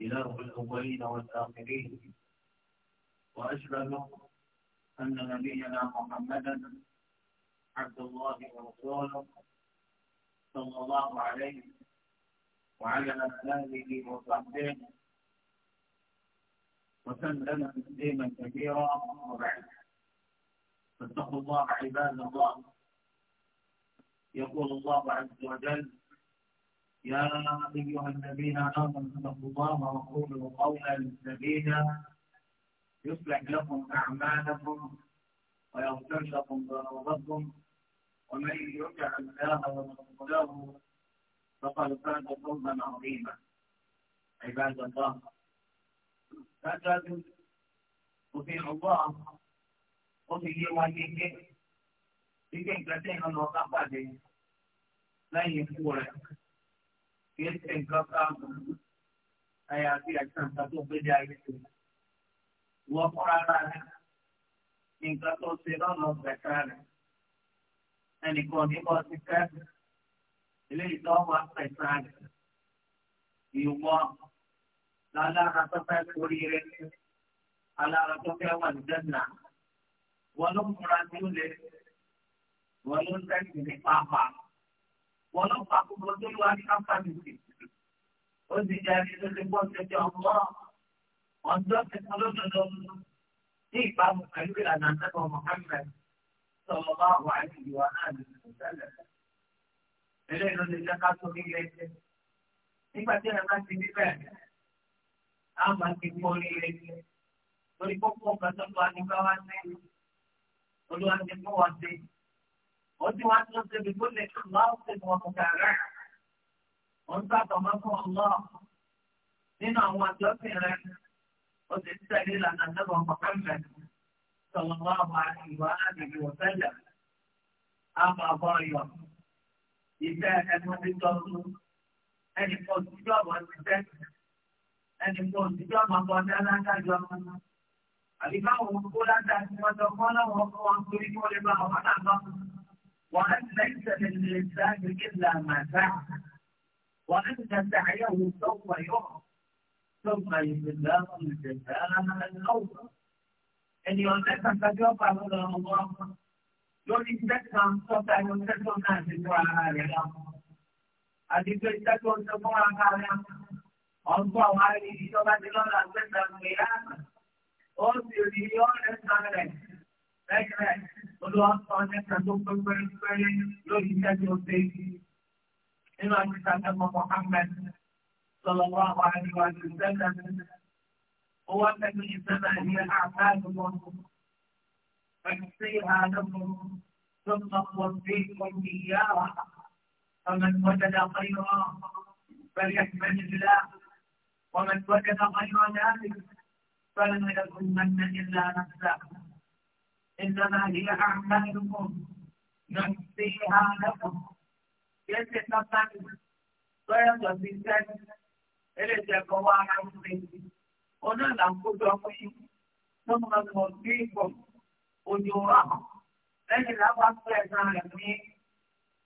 إله الأولين والآخرين وأشهد أن نبينا محمدا عبد الله ورسوله صلى الله عليه وعلى آله وصحبه وسلم تسليما كثيرا وبعد فاتقوا الله عباد الله يقول الله عز وجل يا أيها الذين آمنوا اتقوا الله وقولوا قولا سديدا يصلح لكم أعمالكم ويغفر لكم ذنوبكم ومن يطع الله ورسوله فقد فاز فوزا عظيما عباد الله فقد أطيع الله أطيع وليه لكي تتهم الله lẹ́yìn ikú rẹ̀ kì í ṣe nǹkan káàbọ̀ àyàfi àìsàn kan tó gbé dé ayé tó wọ́n fúnra rẹ̀ nǹkan tó ṣe lọ́nà gbẹ̀ta rẹ̀ ẹnìkan ní bọ́ ti fẹ́ eléyìí tó wà pẹ̀sà rẹ̀ ìwọ lálára tó fẹ́ kórì rẹ̀ alára tó fẹ́ wà ní dẹ́nà wọ́n ló múra tí ó lè wọ́n ló ń tẹ̀sí ní pàápàá wọn ló fà kó lọ sórí wa ní káfíńtà nìkè ó sì jẹ ẹni tó ti gbọ́ tẹ̀tẹ̀ ọ̀pọ̀ ọ̀dọ́ tẹ̀tẹ̀ lọ́dọọdọ ní ìbámu pẹ̀lú ìlànà àtẹ́kọ̀ Muhammad sọ̀rọ̀ bá wà ní ìwà náà ní ìṣẹ̀lẹ̀ eléyìí ló lè jẹ́ ká tó nílé ẹsẹ̀ nígbà tí ẹ̀rọ bá ti ní bẹ́ẹ̀ á máa ti kú oríire torí kókó ọ̀gá tó lọ àdìgbà wá sí olúwa ti mú wa sí i. وانتوا تنزل بكل اخلاص ومتابعه وانت تمام الله هنا هو تغفر وتستهل ان النبي محمد صلى الله عليه واله وسلم اما ضايع إذا كان مدرسون أن يكون تجاب والمسك أن يكون تجاب وقتالا كجاب الإمام يقول أنت أسمى تقول وقوة تريد لبعض أنا وأن ليس للإنسان إلا ما سعى وأن سعيه سوف يرى ثم يتلاقى الجنان الأوفر أن يؤمن فجوفا إلى الله يؤمن سوف يؤمن سوف يؤمن سوف يؤمن سوف يؤمن سوف يؤمن سوف يؤمن سوف يؤمن سوف يؤمن سوف يؤمن سوف يؤمن سوف يؤمن سوف يؤمن سوف Bẹ́ẹ̀ rẹ̀, olúwa sọ nípa tó pé pérépéré lórí iṣẹ́ tí ó ṣe nínú àtìsá ẹ̀mọ́ Mohammed sọ̀rọ̀ wá wà ní wà ní sẹ́lẹ̀. Ó wá tẹ́lẹ̀ ìṣẹ̀lẹ̀ ní àbáyé wọn. Pẹ̀lú sí àádọ́gbọ̀n tó ń lọ́pọ̀ sí ìkọ̀yí ìyá wa. فمن وجد خيرا فليحمد الله ومن وجد غير ذلك فلم يكن من إلا نفسه إنما هي أعمالكم نحصيها لكم كيف تفعل طيب بالذات إلى جبوا عنهم ona la ń kójọ fún yín tó ń lọ sí ìbò ojú wa lẹ́yìn lápá tó ẹ̀sán rẹ̀ ní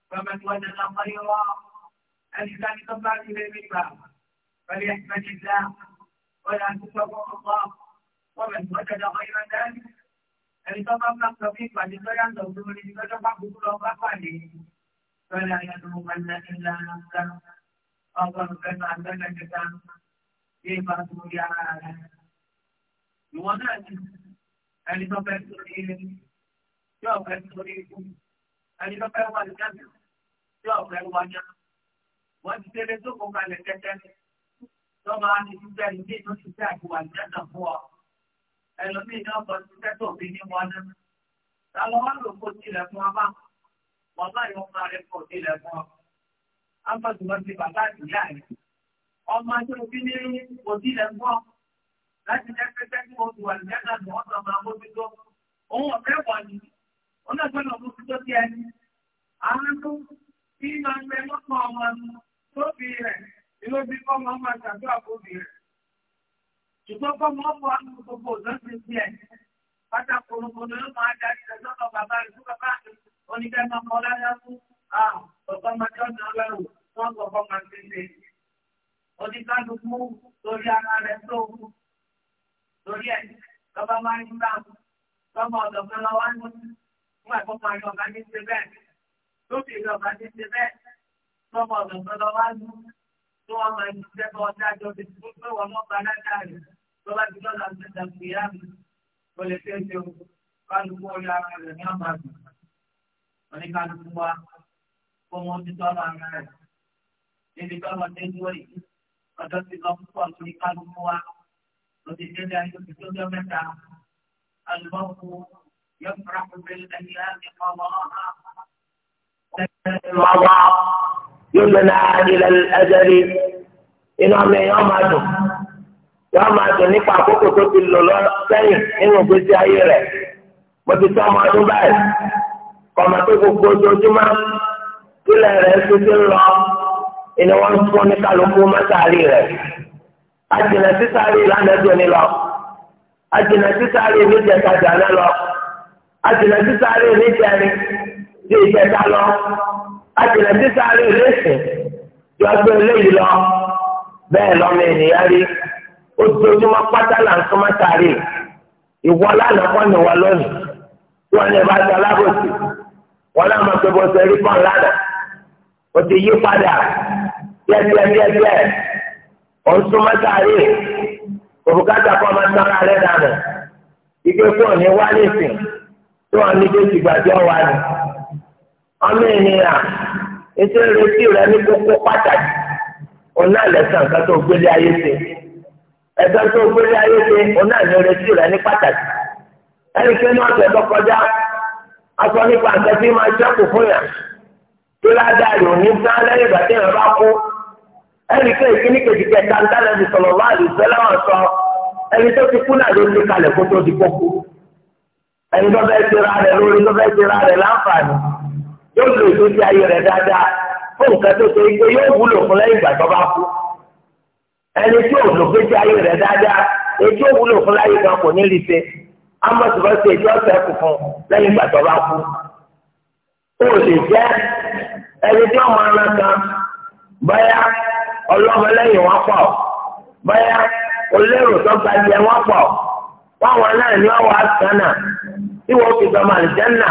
gbọmọdéwọ̀dé lọ́mọdé wa ẹnìkan tó bá ti lé nígbà pẹ̀lú ẹ̀sán ìdá wọ́n yà á ti sọ fún ọgbọ́n wọ́n bẹ̀ tó jẹ́ lọ́mọdé náà dání ẹni tó bá bá sọ fún ìpàdé tó yàtọ̀ lórí lọ́jọ́ bá gbogbo lọ bá pàdé lọ́yà ẹnu wọn ní ilá ńlá ọgọ́rùn-ún fẹ́ máa tẹ́lẹ̀ kẹta bí ìbá tó rí ara rẹ̀. ìwọ náà ni ẹni tó fẹ́ sórí ilé tí ọ̀fẹ́ sórí ikú ẹni tó fẹ́ wà ní jáde tí ọ̀fẹ́ wájà. wọ́n ti tẹ́lẹ̀ tó kó kalẹ̀ kẹ́kẹ́ tó máa ní sísẹ́ ìdí ìtúnṣe àti wà ní jáde fún ọ ẹlòmíì ní ọkọ̀ ti tẹ́tọ̀ bí ní wọn náà. ta ló wá lò kó tilẹ̀ fún wa bá wọn bá rẹ kó tilẹ̀ fún wa. ámbàdùmọ̀ ti bàbá ìyá rẹ̀ ọmọ tó fi ní kó tilẹ̀ fún ọ láti jẹ́ pẹ́pẹ́ tí ti wà nígbà náà ni wọ́n sọ máa mójútó. òun ọ̀fẹ́ wà ní onágbọ́dọ̀ mójútó sí ẹni. àwọn tó fi máa ń bẹ lọ́pọ̀ ọmọ tó fi ìlú bí kọ́ máa ń máa ṣàdúrà fún mi rẹ̀ ṣùgbọ́n kọ́ mọ́ fọ́ àwọn gbogbo òṣèlú ti ẹ̀ pátá kòròkòrò yóò máa darí lọ́dọ̀ bàbá rẹ̀ fún bàbá rẹ̀ oníkẹ́ máa kọ́ láyá fún ọ̀pọ̀ ọmọdé ọ̀nà ọlọ́run wọ́n kọ́ fọ́ máa ti ṣe oníkálukú torí ara rẹ̀ tó torí ẹ̀ lọ́ba máa ń gbà lọ́ba ọ̀dọ̀ kan lọ́wọ́ ní nígbà tó máa yọ ọ̀gá ní ṣe bẹ́ẹ̀ lóbi àtẹ̀dá ìyá mi ó lè fẹ́ ṣe o kálukú orí ara rẹ̀ ní àmàlù wọn ní kálukú wa kó wọn ti tọ́ ara rẹ̀ níbi tó wọn dé dúró yìí ọjọ́ ti lọ púpọ̀ lórí kálukú wa lórí ìdílé ayé ti tó jọ mẹ́ta alùpàpù yóò fara kúrò ẹ̀yìn láti kọ́ wọn hàn. يمنع إلى الأجل إنهم يوم أدوم yóò máa dùn nípa àkókò tó ti lò lọ sẹ́yìn nínú ìgbésí ayé rẹ̀ mo ti tọ́ ọmọ ọdún báyìí kọ̀mọ̀ tó gbogbo ojoojúmọ́ kílẹ̀ rẹ̀ ti ti ń lọ ìní wọ́n ń fún ní kálukú mọ́sàárì rẹ̀ àjìnà sísárì lánàájọ́ ni lọ àjìnà sísárì níjẹ̀tajà náà lọ àjìnà sísárì níjẹ̀rin ju ìjẹta lọ àjìnà sísárì lẹ́sìn ju ọgbẹ́ eléyìí lọ bẹ́ẹ̀ lọ́mọ ènìyàn rí. ojoojúmọ́ pátá là ń súnmọ́ sáré ìwọ lánàá wọn ni wọn lónìí tí wọn lè bá ti alábòsí wọn náà máa gbẹbọ kan lánàá o ti yí padà díẹ̀díẹ̀díẹ̀díẹ̀ o ń súnmọ́ sáré òbúkátà kan máa sára rẹ dànù ike fún òní wálé sìn tí wọn ní déjì gbàdé ọwà ni ọmọ ènìyàn ètò ìrètí rẹ ní kókó gbélé ayé Ebe tó gbélé ayé ṣe òun náà ní oretí rẹ̀ ní pàtàkì ẹnikẹ́ ní ọ̀sẹ̀ tó kọjá aṣọ nípa àṣẹ tí máa ṣẹ́kù fún yàn tó ládàá yòó ní sáà lẹ́yìn ìgbà tí yàn bá kú ẹnikẹ́ ìkíní kejì kẹta ń dáná ibi sọ̀rọ̀ wá sọ ẹni tó ti kú náà ló ti kalẹ̀ kó tó ẹni tó fẹ́ ti ra rẹ̀ lórí tó fẹ́ ti ra rẹ̀ láǹfààní yóò ẹni tí ò lò gbèsè ayé rẹ dáadáa o òwúlò fún láyé kan kò ní rí ṣe amọ̀sibọ́sẹ̀ ètò ọ̀sẹ̀ kù fún lẹ́yìn ìgbà bá kú. o lè jẹ́ ẹni tí ọmọ ara kan báyà ọlọ́mọ wọn pọ̀ báyà olérò tó ga jẹ wọn pọ̀ báwọn náà ní tí fi àlìjẹ́nà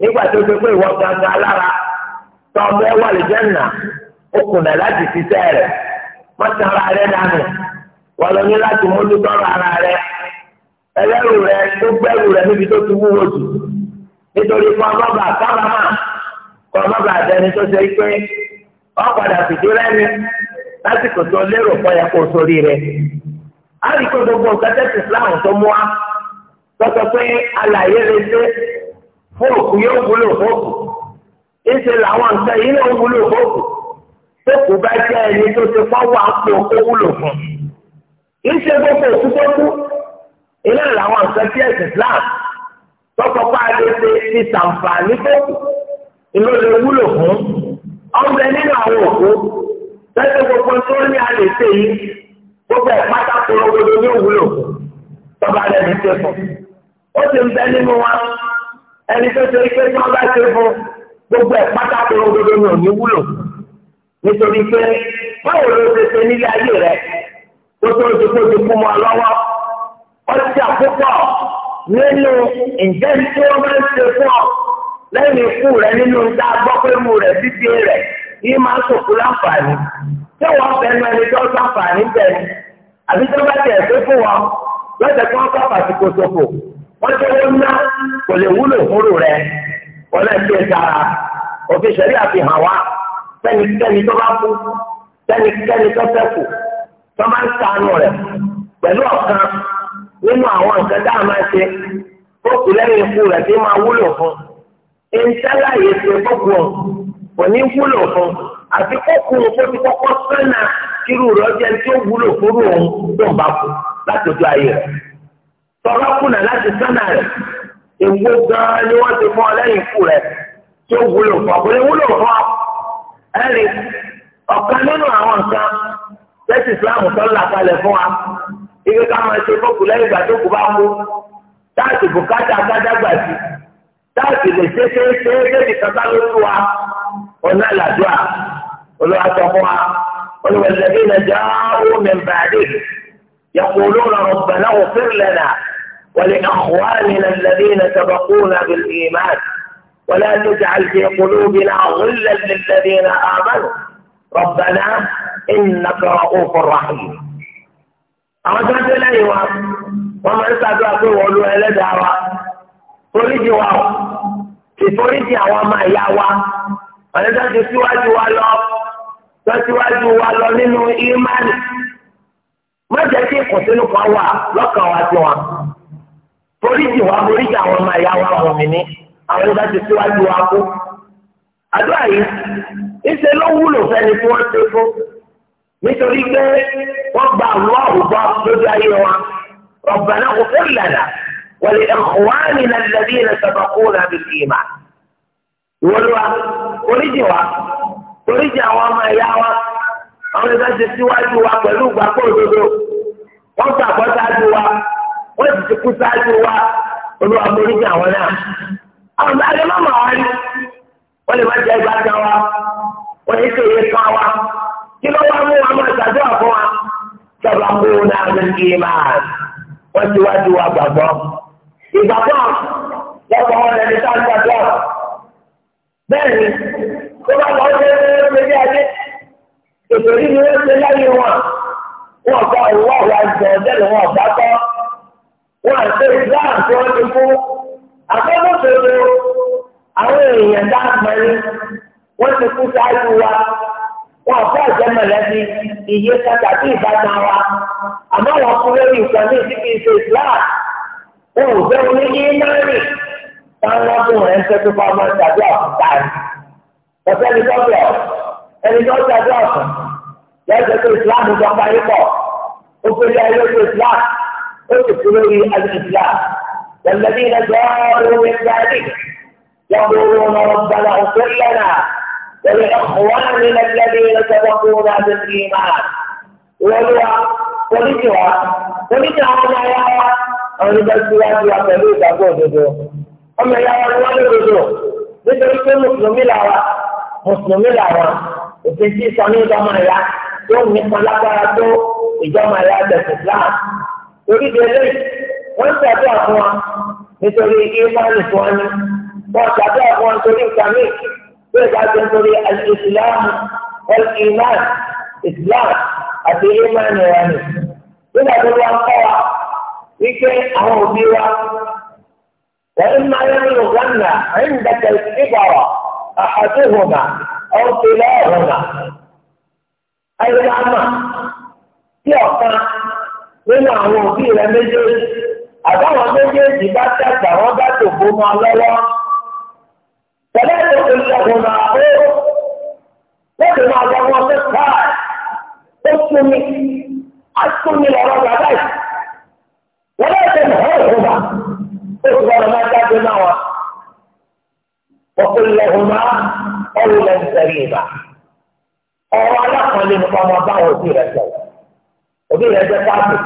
nígbà tó ṣe pé ìwọ mọ́tò ara rẹ dànù wọ́n lọ ní láti mójútó ara rẹ ẹlẹ́rù rẹ tó gbẹ́rù rẹ níbi tó ti wúwo jù nítorí kọ́ ọmọba kábàámà kọ́ ọmọba àtẹni tó ṣe pé wọ́n padà fìdí rẹ́ni lásìkò tó lérò fọyà kó sórí rẹ. a rí kó gbogbo kẹ́tẹ́sì Islam tó mú wa tọ́tọ́ pé alàyè lè ṣe fóòkù yóò wúlò fóòkù. ìṣe làwọn nǹkan yìí náà wúlò fóòkù tó kù bá jẹ́ ẹni tó ti pọ́ wà pé ó wúlò fún un. kì í ṣe gbogbo òkú tó kú ilé làwọn nǹkan tí ẹ̀sìn Islam tọkọ pa àdéhùn ti sàǹfààní tó kù ìlú lè wúlò fún ọ̀bẹ nínú àwọn òkú tẹ́tẹ́ gbogbo tó ní alẹ́ ṣe yìí gbogbo ẹ̀ pátákó lọ́gbọdọ̀ ní òwúlò tọ́ba rẹ̀ ní ṣe fún ó ti ń bẹ nínú wa ẹni tó ṣe pé tí wọ́n bá ṣe fún gbogbo ẹ̀ pátákó lọ́gbọdọ̀ ní òní wúlò fún nítorí pé báwo ló ṣe ṣe nílé ayé rẹ tó tó ti kó ti kú mọ́ lọ́wọ́ ọjà púpọ̀ nínú ǹjẹ́ tí wọ́n máa ń ṣe fún ọ lẹ́yìn ikú rẹ nínú tá a gbọ́ pé mu rẹ̀ dídé rẹ̀ yìí máa ń sòkú láǹfààní tí wọ́n fẹnu ẹni tó láǹfààní bẹ̀rẹ̀ àbí tó bá tẹ̀ pé fún wọn lọ́sẹ̀ tí wọ́n kọ́ pàtìkò ṣòfò wọ́n tí wọ́n ná kò lè wúlò fúru rẹ̀ wọ́n lẹ́sẹ̀ dára òfin ṣẹ̀rí àfihàn wa sẹ́nikẹ́ni tó bá kú sẹ́nikẹ́ni tó ṣẹ́kù tó bá ń sànù rẹ̀ pẹ̀lú ọ̀kan nínú àwọn nǹkan tá a máa ṣe fókù lẹ́yìn ikú rẹ̀ tí máa wúlò fún ìńtẹ́lá yìí ṣe fókù ọ̀ kò ní wúlò fún àti fókù kó ti kọ́kọ́ sẹ́nà kírú rẹ̀ jẹ́ tí ó wúlò fúrú òun tó ń bá kú láti ojú ayé rẹ̀ tọ́lá kùnà láti sẹ́nà rẹ̀ èwo gan-an ni wọ́n ti fún ọ lẹ́yìn ikú rẹ̀ tí ó wúlò fún ọ kò ní wúlò fún ọ ẹ̀rí ọ̀kan nínú àwọn nǹkan lẹ́sìn ìsìláàmù tó ń là kalẹ̀ fún wa ibi ká máa ṣe fọ́ọ̀kù lẹ́yìn ìgbà tó kù bá kú táàtì bùkátà kájágbà sí táàtì lè ṣe ṣe ṣe débi kankan lórí wa ọ̀nà àlàdúrà olùwà sọ fún wa olùwà lẹ́bí ilẹ̀ jẹ́ àwọn mẹ́mbà dé يقولون ربنا اغفر لنا ولإخواننا الذين سبقونا بالإيمان ولا تجعل في قلوبنا غلا للذين آمنوا ربنا إنك رؤوف رحيم àwọn tó ń tẹ́lẹ̀ yìí wa wọ́n máa ń ṣàdúrà foríjì àwọn ọmọ ìyá wa ọ̀lẹ́dá ti síwájú wa lọ tó síwájú wa lọ nínú ìmánì má jẹ́ kí ìkùnsínú kan wà lọ́kàn wa tiwọn foríjì wa foríjì àwọn ọmọ ìyá wa mọ̀mí ní àwọn bá ti síwájú wa kú. àdúrà yìí ìṣe ló wúlò fẹ́ni tí wọ́n ṣe fún nítorí pé wọ́n gba àwọn àwùjọ lójú ayé wa ọ̀gbọ̀nà kò fẹ́ lànà wọlé ẹ̀kọ́ wá nínú ẹ̀dẹ́bí ẹ̀ sọ̀bọ̀kú nàbí kìíma. ìwọlúwa oríjì wa oríjì àwọn ọmọ ẹ̀yà wa àwọn ìbá ti síwájú wa pẹ̀lú ìgbàgbọ́ òdodo wọ́n gbàgbọ́ sáájú wa wọ́n ti kú sáájú wa olúwa oríjì àwọn náà àwọn àlẹ́ má mà wá rí wọ́n lè má jẹ ìgbà kan wa wọ́n lè ṣe iye kan wa kí ló wá mú wa máa ṣàdúrà fún wa sọ̀rọ̀ kó o náà ní kí máa wọ́n ti wá ju wa gbàgbọ́. ìgbàgbọ́ lọ́pọ̀ wọn lẹni tá a gbàgbọ́ bẹ́ẹ̀ ni tó bá lọ sí ẹgbẹ́ ajé ètò yìí ni wọ́n ṣe láyé wọn wọn kọ ìwọ́ àwọn àjọ ọ̀dẹ́lẹ̀ wọn ọ̀gá tọ́ wọn àti ìgbà àti wọn àkọ́kọ́sọ̀rọ̀ àwọn èèyàn dáàmọ́lé wọ́n ti kú sáájú wa wọn àfọ́ àjẹ́ mọ̀lẹ́bí ìyé kàtà bí ìbátan wa àmọ́ wọn kú lórí ìkànnì ìdíkì ìṣe islam wọn ò bẹ́ẹ̀ ní ímánì táwọn ọdún rẹ̀ ń tẹ́tí fún ọmọ ìtàgé ọ̀fùnkà rẹ̀ ọ̀sẹ̀ ní dọ́kítọ̀ ẹni tó ń tẹ́tí ọ̀fùn lẹ́sẹ̀ tó islam jọ parí pọ̀ ó fi lé ayé tó islam ó sì kú lórí ayé islam. والذين جاءوا من ذلك يقولون ربنا اغفر لنا ولإخواننا الذين سبقونا بالإيمان ولوا ولجوا ولجوا أنا يا أنا بسوا جوا كلي تقول جدو أما يا أنا جدو nítorí pé mùsùlùmí làwà mùsùlùmí làwà òfin tí sọ ní ìjọba ya tó nípa lágbára tó ìjọba ya bẹ̀sẹ̀ Islam torí wọ́n ṣàdúrà fún wa nítorí ìmánì fún wa ní wọ́n ṣàdúrà fún wa nítorí ìkàmì bí ìgbà tó ń torí alìsìláàmù ọ̀lìmáàmù ìsìláàmù àti ìmánì wa ní. nígbà tó wá kọ́ wa wípé àwọn òbí wa wọ́n ń máa yẹn nínú gánà àyìn dàtẹ̀ ìbára àhàdúhùmá ọ̀kẹ́lẹ́ ọ̀hùnmá. ayélujára tí ọ̀kan nínú àwọn òbí rẹ méjèèjì àbáwọn méjèèjì bá dàgbà wọn bá tòbó máa lọ́wọ́ tẹ̀lé tó ti lọ́wọ́ máa ó lọ́dún máa lọ wọn pé káà ó tún mi á tún mi lọ́rọ́ bàbá yìí wọ́n lọ́wọ́ tẹ̀lé ọ̀hún wa ó ti wọ́n máa dájú náà wa ọkùnrin lọ́wọ́ máa lẹ́nu sẹ́rí ìbá ọ̀rọ̀ alákànlẹ̀ nípa ọmọ báwọn òbí rẹ̀ sọ̀rọ̀ òbí rẹ̀ jẹ́ káàbì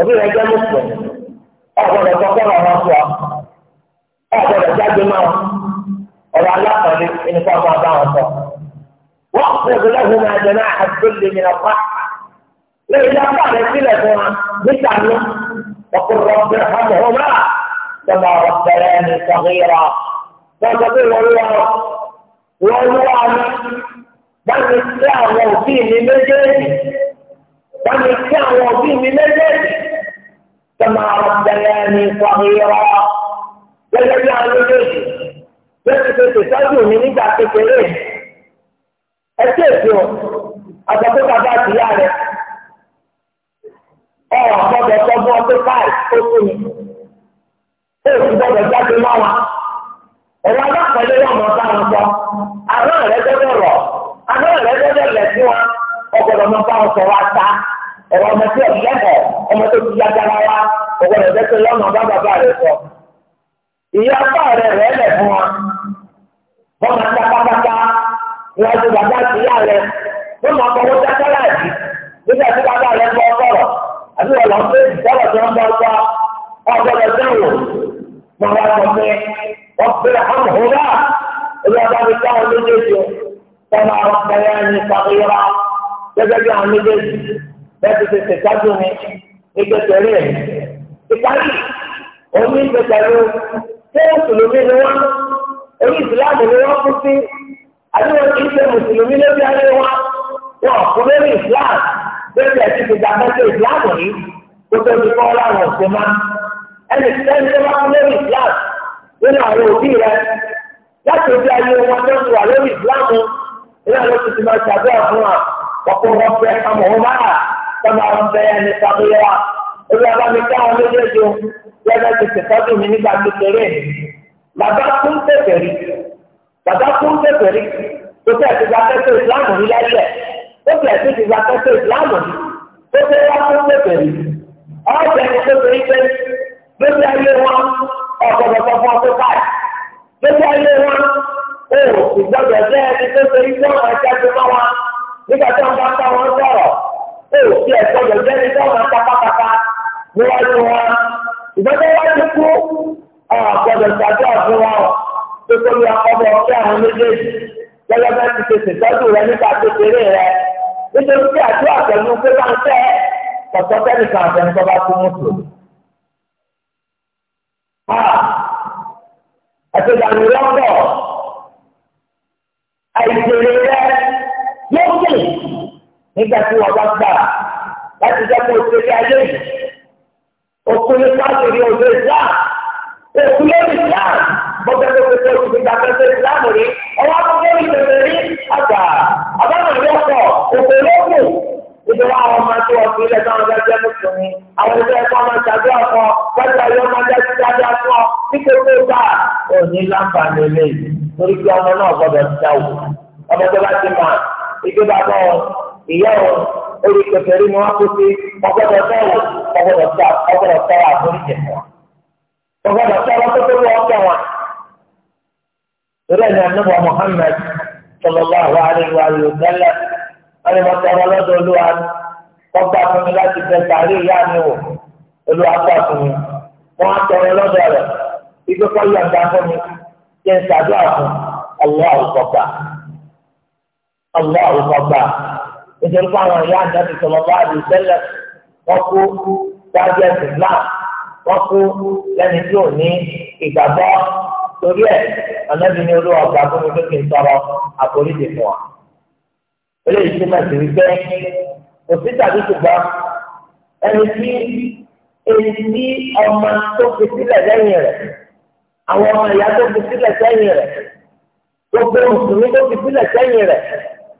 òbí rẹ̀ jẹ́ mùsùlùmí ọ̀gbọ́dọ̀ tọkọ́rọ̀ wọn sọ ọ̀gbọ́dọ̀ jáde máa ọ̀rọ̀ alákọ̀ọ́lẹ̀ ẹni fún ọmọ ọba wọn sọ. wọ́n kúrò lẹ́hùn máa jẹ náà àdúgbò mi náà pa lẹ́yìn náà bá fún wa níta ló ọkùnrin ọ̀gbìn ọmọ ọmọ náà tọ́lá ọ̀gbẹ̀rẹ̀ ẹni sọ̀hìnrà tọ́jọ́ pé wọ́n wá wọ́n wá ní báyìí sí àwọn òbí mi méjèèjì báyìí sí àwọn òbí mi méjèèjì. كما ربياني صغيرا gẹ́gẹ́ bí àwọn méjèèjì lẹ́yìn tó ti tọ́jú mi nígbà kékeré ẹ tí èsì o àtọ́kù bàbá àtìyá rẹ ọ gbọ́dọ̀ tọ́jú ọdún káì tó kú mi ó sì gbọ́dọ̀ jáde mọ́ wa ẹ̀rọ alápẹ̀lẹ́ yóò mọ bá wọn sọ àárọ̀ rẹ gbọ́dọ̀ rọ̀ àárọ̀ rẹ gbọ́dọ̀ lẹ̀ sí wọn ọgbọ̀dọ̀ mọ bá wọn sọ wa ta ọ̀rọ̀ ọmọ tí ọ̀yẹ́ ọ̀ ọmọ tó ti ya gara wa ọ̀gbọ́n rẹ̀ dẹ́sẹ̀ lọ́nà bá bàbá rẹ̀ sọ. ìyá apá rẹ̀ rẹ̀ lẹ̀ fún wa wọ́n máa ta pátápátá wọ́n ti bàbá ti yá rẹ̀ wọ́n máa kọ́ wọ́n dáká láàjì nígbà tí bàbá rẹ̀ bọ́ ọ̀rọ̀ àti wọ́n lọ sí ìtọ́lọ̀ tí wọ́n bá gbọ́ ọ̀gbọ́dọ̀ dẹ́wò máa wá sọ pé wọ́n pe àwọn òwúrọ̀ ẹgbẹ́ ọba mi táwọn méjèèjì tọ́ máa wọ́n pẹ̀lú ẹni pàkíyọ́ra gẹ́gẹ́ bí àwọn méjèèjì bẹ́ẹ̀ ti ṣe kájú mi nígbà tẹ̀lé ẹ̀ ìkájú omi ń gbẹ̀tẹ̀lú ṣé mùsùlùmí ni wọ́n orí ìsìláàmù ni wọ́n kú sí àdéhùn kì í ṣe mùsùlùmí lórí ayé wa wọn kú lórí ìsìláàmù lórí ẹ̀sì ti gba mẹ́tẹ́ ìsìláàmù yìí kó tó ti kọ́ láwọn ọ̀sẹ̀ máa ẹnì sẹ́ni tó bá kú lórí ìsìláàmù nínú àwọn òbí rẹ láti ojú ayé wọn tó ti wà lórí ìsìláàmù nínú àwọn òbí ti máa ṣàdúrà fún wa ọkọ̀ wọn fẹ́ àmọ̀ wọn báyà sábà ń bẹ ẹni sábúyẹ́ wa ebi abami ká wọn méjèèjì o lẹ́gbẹ́ ti tẹ̀sọ́jú mi nígbà kékeré mi bàbá kún tẹ̀fẹ̀ rí bàbá kún tẹ̀fẹ̀ rí tó tẹ̀ ti gba tẹ́tẹ́ ìsìlámù rí lẹ́sẹ̀ tó tẹ̀ ti ti gba tẹ́tẹ́ ìsìlámù rí tó tẹ̀ wá kún tẹ̀fẹ̀ rí ọ̀sẹ̀ ni tó tẹ̀ ike lójú ayé wọn ọ̀gbọ̀dọ̀ fún ọkọ̀ báyìí o ìgbọ́dọ̀ jẹ́ ẹni tó níwájú wa ìgbẹ́jọ́ wá ti kú àgbọ̀dọ̀ ìgbàjọ́ àfún wa tó tó ní akọ́bọ̀ ọ̀kẹ́ àwọn méjèèjì lọ́jọ́ bá ti tètè tọ́jú rẹ nípa kékeré rẹ nítorí pé àjọ àtẹnu pé bá ń tẹ́ ọ̀tọ́ tẹ́nìkan àtẹnu tó bá tún mọ́tò. àtẹ̀dàmì lọ́pọ̀ àìsèré rẹ lókè nígbà tí wọ́n bá gbà láti jẹ́ kó o ṣe ní ayé yìí òkúlé káàkiri òde islam òkúlé islam bọ́dọ̀ tó fi tó fi gbàgbé islam rí ọwọ́ akọ́kọ́ ìbẹ̀rẹ̀ rí àgbà àbámọ̀lẹ́ ọkọ̀ òkúlé kù ìjọba àwọn ọmọ tó ọtí ilẹ̀ táwọn ọjà jẹ́ mùsùlùmí àwọn ìjọba ẹ̀kọ́ máa ṣàdé ọkọ̀ pẹ̀lú ayé ọmọ ajá ti dájá fún ọ tí kò tó gbà ò ní láǹfààní eléyìí torí pé ọmọ náà gbọdọ̀ ti dáwò ọmọ tó bá ti mọ̀ ìjọba náà ìyá wọn orí kẹfẹ́rí ni wọ́n kó sí ọgbọ́dọ̀ sẹ́wọ̀n ọgbọ́dọ̀ sá ọgbọ́dọ̀ sẹ́wọ̀n àforíjì wọn. ọgbọ́dọ̀ sẹ́wọ̀n tó tó wọ́n kẹ́ wọn. ìrẹ́lẹ̀ anábọ̀ Muhammad sallallahu alaihi wa sallam wọ́n ni wọ́n tọrọ lọ́dọ̀ olúwa kọ́gbà fún mi láti fẹ́ sàárè ìyá mi wò olúwa gbà fún mi wọ́n á tọrọ lọ́dọ̀ rẹ̀ ibi kọ́ yọ̀ǹda fún mi kí n ṣàdúrà fún ọlọ́ àwùkọ́ gbà ọlọ́ àwùkọ́ gbà nítorí pé àwọn ìyá àdáni sọ̀rọ̀ bá àdùn sẹ́lẹ̀ wọ́n kú dájú ẹ̀sìn náà wọ́n kú lẹ́ni tí ò ní ìgbàgbọ́ torí ẹ̀ ànábi ni olúwa ọ̀gá fún mi lókè sọ̀rọ̀ àforíjì fún wa. eléyìí tí màá ti rí pé òsì tàbí ṣùgbọ́n ẹni tí èyí tí ọmọ tó fi sílẹ̀ lẹ́yìn rẹ̀ àwọn ọmọ ìyá tó fi sílẹ̀ sẹ́yìn rẹ̀ gbogbo mùsùlùmí tó fi sílẹ̀ sẹ́yìn rẹ̀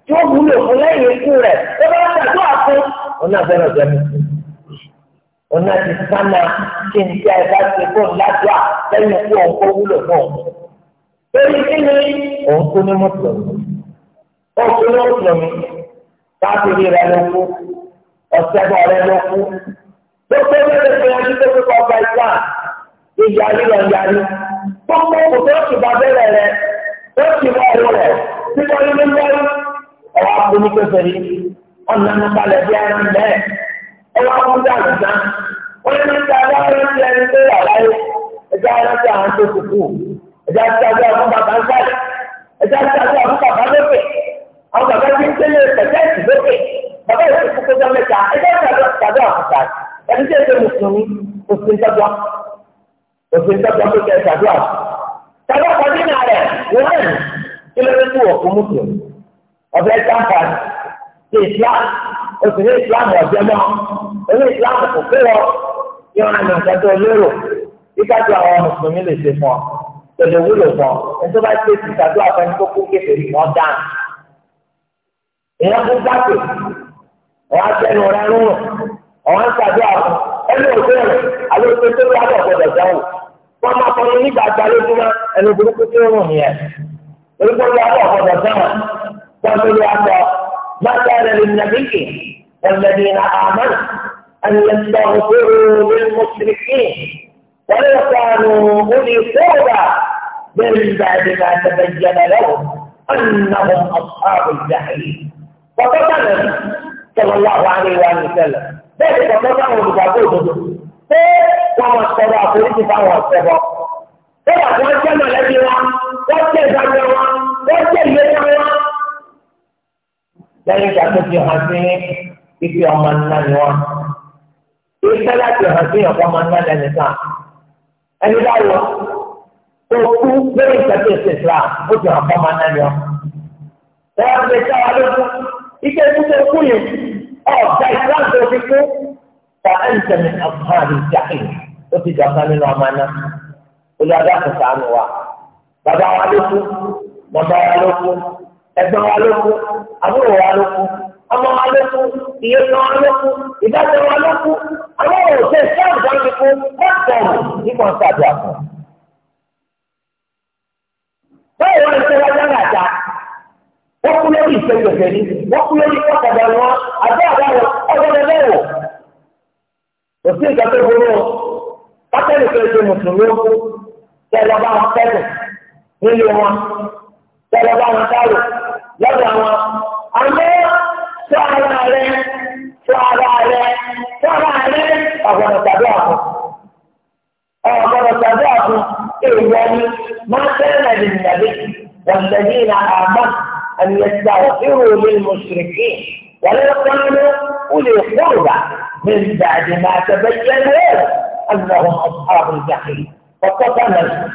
tí ó wúlò fún lẹ́yìn ikú rẹ̀ tó bá wà tó àfún ọ̀nà àbẹ̀rẹ̀ ọ̀gbẹ́ni ọ̀nà ti sánà kí n tí a bá ti fún lájọ́ à lẹ́yìn ikú òun kó wúlò fún òun. Torí kí ni òun kú ní mùsùlùmí? Òun kú ní mùsùlùmí. Káàkiri rẹ̀ ló kú, ọ̀sẹ̀gbọ̀ rẹ̀ ló kú. Gbogbo ẹgbẹ́ rẹ̀ fẹ́ràn ní gbogbo ọgbà ìgbà ìyá lílọ yarí. Gbogbo òkú tó ti bá bẹ́rẹ̀ rẹ̀, ó ti bá ọ̀rọ̀ rẹ̀, ọwọ́ akóni pẹ́fẹ́rí ọ̀nà nípalẹ̀ bí ara ń bẹ́ẹ̀ ọwọ́ akóni àgbà wọ́n ní ká adáwọ̀ ń lẹ́ ní sẹ́yà láyé ẹ̀jẹ̀ aráńtì àwọn tó kúkú ẹ̀jẹ̀ àtijọ́ àwọn bàbá ń sáré ẹ̀jẹ̀ àtijọ́ àwọn bàbá lókè àwọn bàbá ti ń tẹ́lẹ̀ pẹ̀tẹ́ẹ̀tì lókè bàbá yóò mẹ́ta ẹ̀jẹ̀ àtijọ́ àtijọ́ àkùtà ẹni tí ọ̀fẹ́ sáǹfàn ti islam oṣù ní islam ọ̀jẹ́ mọ́ oní islam kò pé wọ kí wọn àmì ọ̀sẹ̀ tó lérò kíkà tó àwọn mùsùlùmí lè ṣe fún ọ tẹ́lẹ̀ wúlò fún ọ nítorí bá ṣe ti ṣàdó àfẹn tó kú kékeré wọn dáhùn èèyàn kú gbàgbé ọ̀hún àtẹnu rẹ rúnrún ọ̀hún ṣàdó àwọn ẹni òṣèré rẹ àlọ́ òṣèré tó lọ́wọ́ gbọdọ̀ dáhùn wọn máa kọ́ ní nígbà àgbà lójúmọ́ ẹni burúkú tó rùn yẹn orúkọ lọ́wọ́ gbọdọ̀ dáhùn. الله ما كان للنبي والذين آمنوا أن يستغفروا للمشركين ولو كانوا أولي قربى من بعد ما تبين لهم أنهم أصحاب الجحيم فقتل صلى الله عليه وآله وسلم ذلك قتله بقوته وما استضعفوا فهو السبب. Tọ́lá kan jẹ́ mọ̀lẹ́bí wa, wọ́n lẹ́yìn ìgbà tó fi hàn sí ife ọmọ nná ni wọn. Iṣẹ́ láti hàn sí ọ̀pọ̀ ọmọ nná lẹ́nu kan. Ẹni báwo tó kú lórí ìtọ́jú ìṣe Islam ó ti hàn ọ̀pọ̀ ọmọ nná ni wọn. Wọ́n ti sá wa lójú. Ike ìfúnṣe kú yìí ọ̀gá Islam tó fi kú. Fa ẹ̀ǹtẹ̀ mi àbúhàrí jáde. Ó ti jọ̀ọ́ nínú ọmọ náà. Olùwàdà kò sànù wa. Bàbá wa ló kú. Bàbá wa ló kú ẹ̀gbọ́n wa ló kú àbúrò wa ló kú ọmọ wa ló kú ìyẹn wa ló kú ìbátan wa ló kú àwọn òṣè sáà bá ti kú pọ́ńtọ̀mù nípa ṣàdùn àfọ̀. báwo wá ń tẹ́lá lọ́nà àjà wọ́n kú lórí ìṣègbèsè ni wọ́n kú lórí ọ̀kadà ni wọ́n àbí àbáwọ̀ ọgbọ́n lẹ́wọ̀. kò sí ìgbà tó burú o pátẹ́lì kò ṣe mùsùlùmí ó kú tẹ́lọ bá wọn tẹ́lẹ̀ nílé wọn tẹ́lọ bá wọn tẹ́lẹ̀ lọ́dọ̀ wọn. Àmọ́ sọ ara rẹ sọ ara rẹ sọ ara rẹ ọ̀gbọ̀nà tàbí àfọ̀. ọ̀gbọ̀nà tàbí àfọ̀ èèwọ̀ ni máa tẹ́lẹ̀ lè nàbí wàlẹ́bí na àmà àmì ẹ̀sà ìròlé mùsùlùmí wàlẹ́ kánú wúlò kúrúbà من بعد ما تبين له أنهم أصحاب الجحيم فقط نفسه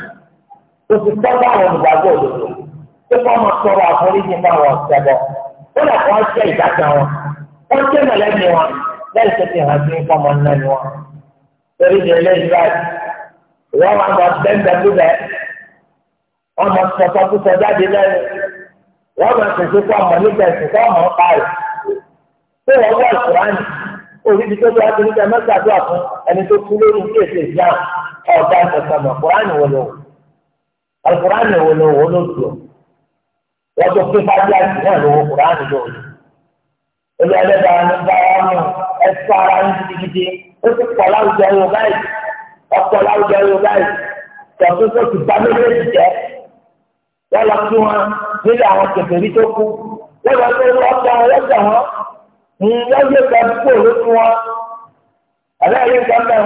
وتستطيع أن تقول pé kọ́ máa sọ̀rọ̀ àforíjì bá wọn ṣẹbọ ó lè kọ́ jẹ́ ìdájọ́ wọn wọ́n jẹ́ mọ̀lẹ́bí wọn lẹ́yìn tó ti hàn sí kọ́ máa ná ni wọn. torí ní eléyìí báyìí ìwọ́n máa lọ bẹ́ńbẹ́ńbẹ́ wọ́n máa sọ̀tọ̀ kúsọ jáde lẹ́nu wọ́n máa tètè kọ́ ọmọ nígbà ìsìn kọ́ ọmọ káyọ̀ tó wọ́n wá ìkùránì olùdí tó tó adúlú tẹ mẹ́ta tó àfún ẹni tó kú lórí ní èsì Islam ọ̀gá ìsọ̀tọ̀ wọlé wò alukùránì wọlé wò ló dùn wọ́n tó pé fájá sí náà lówó kùránì lóòrè. olú ẹlẹ́dàá ní báwa mú ẹ̀sọ́ ara ń gidigidi ó ti pọ̀ láwùjọ yorùbá yìí ọ̀pọ̀ láwùjọ yorùbá yìí tọ̀tún tó ti bá méjèèjì jẹ́ wọ́n lọ sí wọn nílé àwọn kẹfẹ́rí tó kú wọ́n lọ sí ọgbà ọlọ́gbà wọn ní lọ́yẹ̀ kan kúrò lókun wọn àbẹ́ ẹ̀yẹ kan náà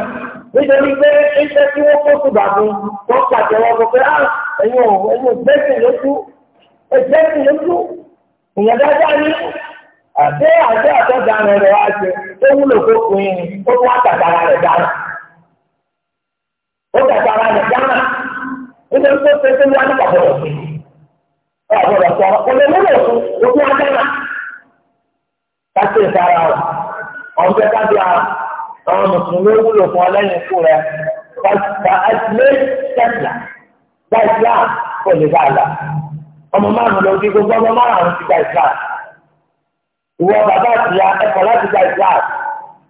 nítorí pé iṣẹ́ tí wọ́n kó tùbà fún wọn pàtẹ́wọ́ fún pé ah, ẹ̀yin ò ẹ̀jẹ̀ ti lójú ìyẹn dáadáa ní àti àti àtọ́jà rẹ̀ rẹ̀ wá ṣe tó wúlò tó kun yín ni ó tún wá tàtàrà rẹ̀ dáná ó tàtàrà rẹ̀ dáná nínú tó ṣe tó wá ní kàbọ̀ ọ̀sìn ọ̀bọ̀ ọ̀sọ̀ ọ̀lẹ́ wúlò tó ó tún wá dáná káṣí ìsara ọ̀gbẹ́ kábí àwọn mùsùlùmí wúlò fún ọlẹ́yìn ikú rẹ̀ kàṣí kàṣí lé tẹ̀síà gbàgbà kò lè bá a lọ ọmọ márùn lọ sí gbogbo ọmọ márùn ti gba islam ìwọ bàbá àtìyá ẹkọ láti gba islam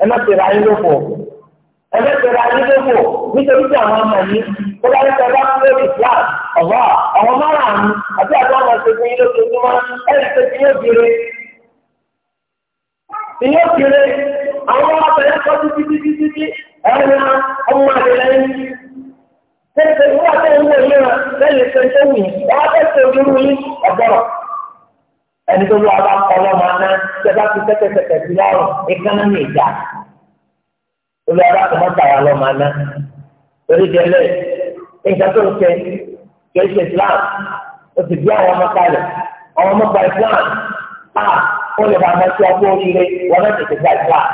ẹ má tẹ̀ra yín lóko ẹ má tẹ̀ra yín lóko nítorí tí àwọn ọmọ yìí tó bá ń sọ bá ń lórí islam ọ̀wọ́ àwọn márùn àti àti ọmọ ìṣègùn yìí lójoojúmọ́ ẹ̀rí pé kí yóò kéré kí yóò kéré àwọn ọmọ ọ̀tẹ̀ yẹn kọ́ títí títí títí ẹ̀rọ ọmọ àlè lẹ́yìn Tẹ̀sẹ̀ ìwé àti ìwé ìlera lẹ́yìn ṣe tó wù yín. Ẹ wá tẹ̀sẹ̀ ojúmú yín ọ̀gbọ́rọ̀. Ẹni tó lọ́wọ́ bá kọ́ lọ́mọ aná ṣe bá fi tẹ́tẹ̀tẹ̀tẹ̀ sí lọ́rùn ìkànnì ní ìjà. Olúwa bá kọ́ mọ́ta wà lọ́mọ aná. Torí délẹ̀, ìjà tó ń ṣe kìí ṣe Islam. O sì bí àwọn ọmọ kalẹ̀. Àwọn ọmọ gba Islam. A ó lè máa ṣe ọgbọ́n oríire wọn náà tètè gba Islam.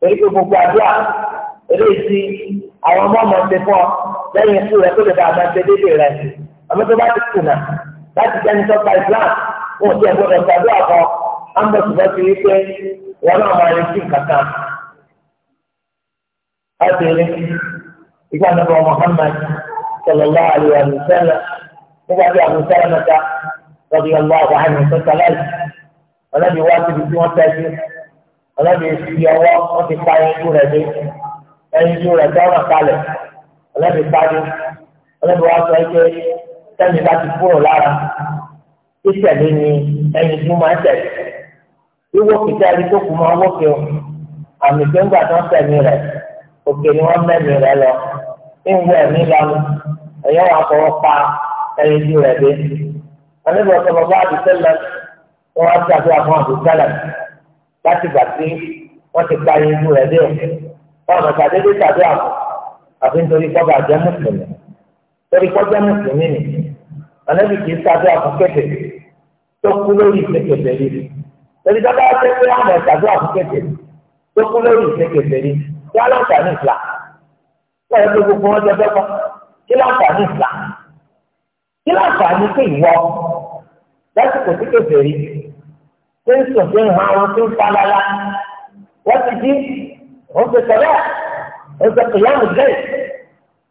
Torí pé gbogbo àdúrà, eléyìí ti àwọn ọmọ ọmọ ṣe fún lẹ́yìn ikú rẹ̀ kó lè bàa máa ṣe déédéé rẹ̀ àmọ́ tó bá ti kùnà láti jẹ́ nítorí pa Islam wọn ò tiẹ̀ gbọ́dọ̀ ṣàdúrà kan ambọ̀sibọ́ ti rí pé wọn náà máa retí kankan. Ọ̀sẹ̀rẹ̀ ìgbà náà bọ̀ Muhammad sallallahu alaihi wa sallam nígbà tí àwọn sẹ́lẹ̀ mẹ́ta lọ́dún yẹn lọ́wọ́ àwọn àmì sọ́sọ́ ọlọ́dún wá síbi tí wọ́n tẹ́sí ọlọ́dún fi ọwọ́ wọ́n ti pa ẹyin ọlọ́bi parí ọlọ́bi wa sọ pé sẹ́mi bá ti kúrò lára ìṣẹ̀lẹ̀ ni ẹni tí máa ń tẹ̀lé wíwó kìtà ẹni tó kù máa wó kí o àmì tó ń gbà tó ń tẹ̀mí rẹ̀ òkè ni wọ́n mẹ́mí rẹ̀ lọ ìwé ẹ̀mí lanu ẹ̀yọ́ wa fọwọ́ pa ẹni tí rẹ̀ dé ọlọ́bi ọ̀sẹ̀ bàbá àdìsẹ́lẹ̀ wọ́n á ṣàfihàn fún àdìsẹ́lẹ̀ láti gbà tí wọ́n ti pa ẹni tí rẹ̀ dé o wọ́n àmọ̀ àfi nítorí kọ́ bá jẹ́ mùsùlùmí torí kọ́ mùsùlùmí ni ànábì kì í ṣàdúrà fún kẹ̀kẹ́ tó kú lórí ìṣèkèsè rí torí tó bá ṣe pé àmọ̀ ìṣàdúrà fún kẹ̀kẹ́ tó kú lórí ìṣèkèsè rí kí aláǹfà ní ìfla lọ́yẹ̀ tó gbogbo wọn jẹ fẹ́kọ̀ kí láǹfà ní ìfla kí láǹfà ní pé ìwọ lásìkò tí kẹ̀kẹ́ rí tí ń sùn tí ń han wọn tí ń falala wọ́n ti dí òun ti sọ̀rọ̀ òun ti pè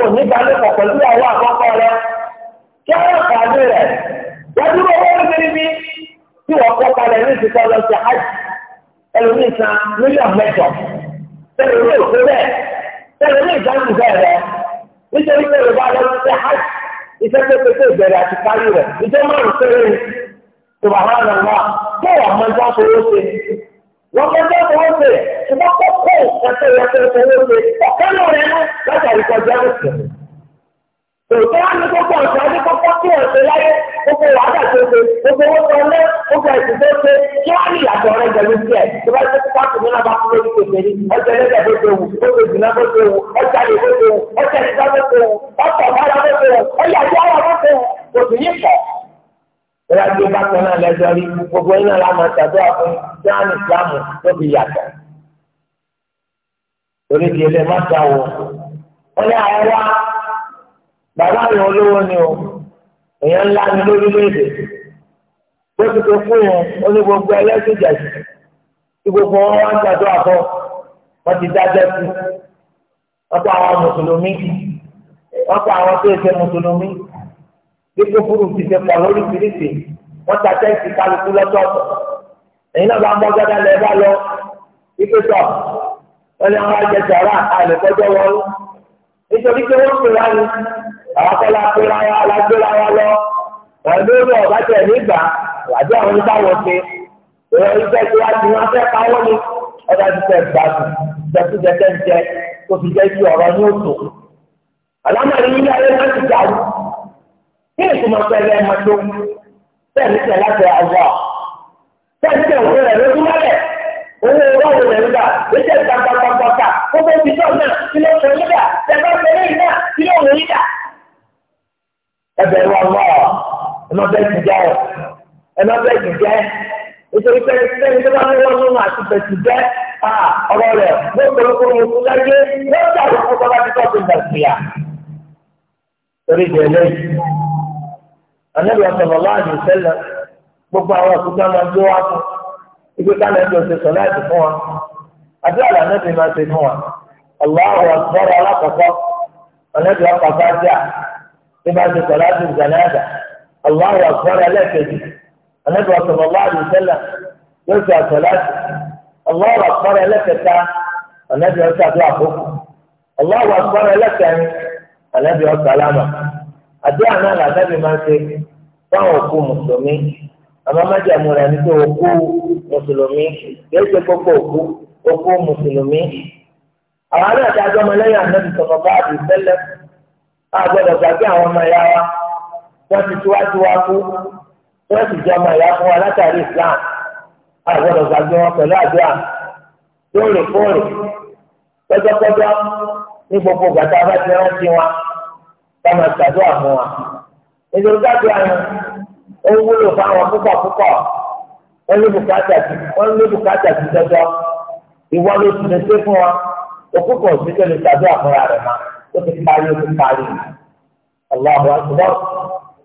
òní balẹ̀kọ̀ pẹ̀lú ìyàwó àkọ́kọ́ rẹ kí wọ́n pàdé rẹ̀ wọ́n dúró owó ribiribi tí wọ́n kọ́ kalẹ̀ ní ìsìnkú ọlọ́sẹ̀ hajj ẹlòmíì san mílíọ̀nù mẹ́jọ tẹ̀lé ní òkú rẹ̀ tẹ̀lé ní ìdánù bẹ́ẹ̀ rẹ̀ nítorí pé yorùbá lọ sí hajj iṣẹ́ pépété ìbẹ̀rẹ̀ àti parí rẹ̀ ìjọ márùn-ún péré ni tòbáhánà náà tó wà mọ́jọ́ wọ́n kọjá owó ṣe ṣùgbọ́n kókó ẹ̀ṣẹ̀ ìyàtọ̀ owó ṣe ọ̀kánú rẹ̀ mú látàrí kọjá òṣèlú. Òtọ́ á ní gbogbo ọ̀sẹ̀ ìyá tí ó bá tọ́ náà lẹ́jọ́ rí gbogbo iná la máa ṣàdúrà fún jáàmù ìsìlámù tó fi yàtọ̀. torí di ẹlẹ́ má ta wọ. wọ́n ní àwọn wá bàbá mi olówó ni o èèyàn ńlá ni lórílẹ̀‐èdè bó ti ṣe fún yẹn ó ní gbogbo ẹlẹ́sìn jẹ̀sì tí gbogbo wọn wá ń ṣàdúrà fún wọn ti dájọ́ sí wọ́n pa àwọn mùsùlùmí wọ́n pa àwọn tó ṣe mùsùlùmí dípò fúru ti ṣe pọ̀ lórí fèrèsé wọ́n ta tẹ́ǹtì kálukú lọ́tọ̀ọ̀tọ̀ ẹ̀yin náà bá mọ́ gádà lẹ́ bá lọ ike tọ̀ wọ́n ní àwọn àjẹsà rà àlẹ́ kọjọ́ wọn nítorí pé wọ́n pè wá ní àwọn akọ́lá péra wa alágbéra wa lọ wọ́n lórí ọ̀bá tẹ̀ nígbà àti àwọn táwọn ṣe ìrọ̀ iṣẹ́ tí wọ́n ti wọ́n fẹ́ káwọ́ ni ọba ti fẹ́ gbàdùn jẹ́kújẹ́kẹ́ ń jẹ tó fi jẹ́ kí ọ̀rọ̀ ní òtò àlámọ̀ ní ilé ayé náà ti dàrú kí ni ìtumọ̀ pẹ̀lú ẹ̀ máa lóhun bẹ́ẹ̀ ní sẹ̀ láti àwọ̀ bẹ́ẹ̀ ní sẹ̀ òkú rẹ̀ lójú mọ́lẹ̀ owó ìwádìí rẹ̀ nígbà lẹ́sẹ̀ gbàgbàgbàgbà gbogbo ìbíjọ́ náà ilé ọ̀sẹ̀ nígbà tẹ̀gbọ́n tẹ̀lé ìgbà ilé òun nígbà. ẹbẹ̀ wà wá ọ ẹnà bẹ́ẹ̀ ti jẹ́ ọ ẹnà bẹ́ẹ̀ ti jẹ́ nítorí pẹ́ẹ́ni pẹ́ẹ́ni tó bá ń wọ́n nínú àti bẹ́ẹ̀ ti jẹ́ ọ̀rọ̀ rẹ̀ lọ́pọ̀lọpọ̀ oṣù láyé lọ́jà lọ́pọ̀ bá ti tọ́ ànábì sallallahu alaihi wasallam gbogbo àwọn àkókò máa gbé wá fún ibi ká lẹ́nu ọ̀sẹ̀ sọ láti fún wa àti àlà ànábì máa ṣe fún wa Allahu akbar alákọ̀ọ́kọ́ ànábì ọkọ̀ bá jà bí máa ṣe sọ láti jánásà Allahu akbar ẹlẹ́kẹ̀jì ànábì sallallahu alaihi wasallam yóò ṣe àṣọ láti Allahu akbar ẹlẹ́kẹta ànábì ọ̀sẹ̀ àdúrà náà làbẹ́bí máa ń ṣe fáwọn òkú mùsùlùmí àmọ́ májàmú rẹ̀ ní pé òkú mùsùlùmí yóò ṣe gbogbo òkú òkú mùsùlùmí. àwọn náà ti àjọ ọmọlẹ́yìn ànábì sọ̀rọ̀ bá àbí tẹ́lẹ̀ á gbọ́dọ̀ gbàgbé àwọn ọmọ ìyá wa wọ́n ti tíwájú wa kú wọ́n sì jẹ́ ọmọ ìyá fún wa látàrí Islam á gbọ́dọ̀ gbàgbé wọn pẹ̀lú àdúrà lóòrèkóòrè pẹ́jọ́pẹ́jọ́ ní gbogbo gbàtà bá ti rántí wọn káma ṣàdúrà fún wa nítorí dájú àwọn ó wúlò fáwọn púpọ̀ púpọ̀ wọ́n lé bùkátà sí wọ́n lé bùkátà sí dọ́dọ́ ìwọ ló ti lè ṣe fún wa òkúkọ̀ òsì tó lè ṣàdúrà fúnra rẹ̀ ma ó ti parí ó ti parí Allahu Akbar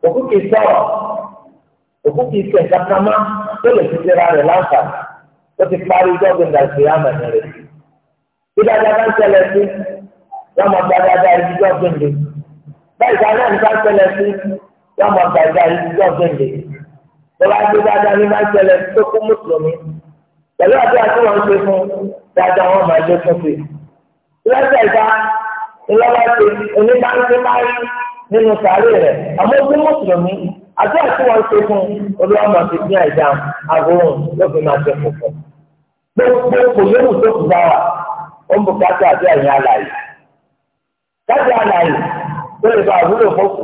òkúkì sọ̀rọ̀ òkúkì sẹ̀kákámá tó lè fi ṣe ra rẹ̀ láǹfààní ó ti parí dọ́gbìn dàgbé àmàlẹ́ rẹ̀ bí dáadáa bá ń ṣẹlẹ̀ sí wọ́n máa gba dáadáa ibi dọ́gbìn dè báyìí ká náà nípa ṣẹlẹ̀ sí yóò máa gbàgbà ìdíjọ́ gbèǹdé tó bá gbé dáadáa ní máa ṣẹlẹ̀ tó kú mùsùlùmí pẹ̀lú àti àti wọn ṣe fún dáadáa wọn máa lé fún sí. ìrẹsẹ̀ ìta ìlọ́wọ́ ṣe onígbàǹdé máa rí nínú sàárè rẹ̀ àmọ́ ó kú mùsùlùmí àti àti wọn ṣe fún olúwa máa fi bí àìdá àbúrò ló fi máa ṣe fún fún. gbogbo kò yóò tó kù bá ó ń bùkátà àti àyìn àlàyé. kájà àlàyé ó lè àbúrò fọ́kù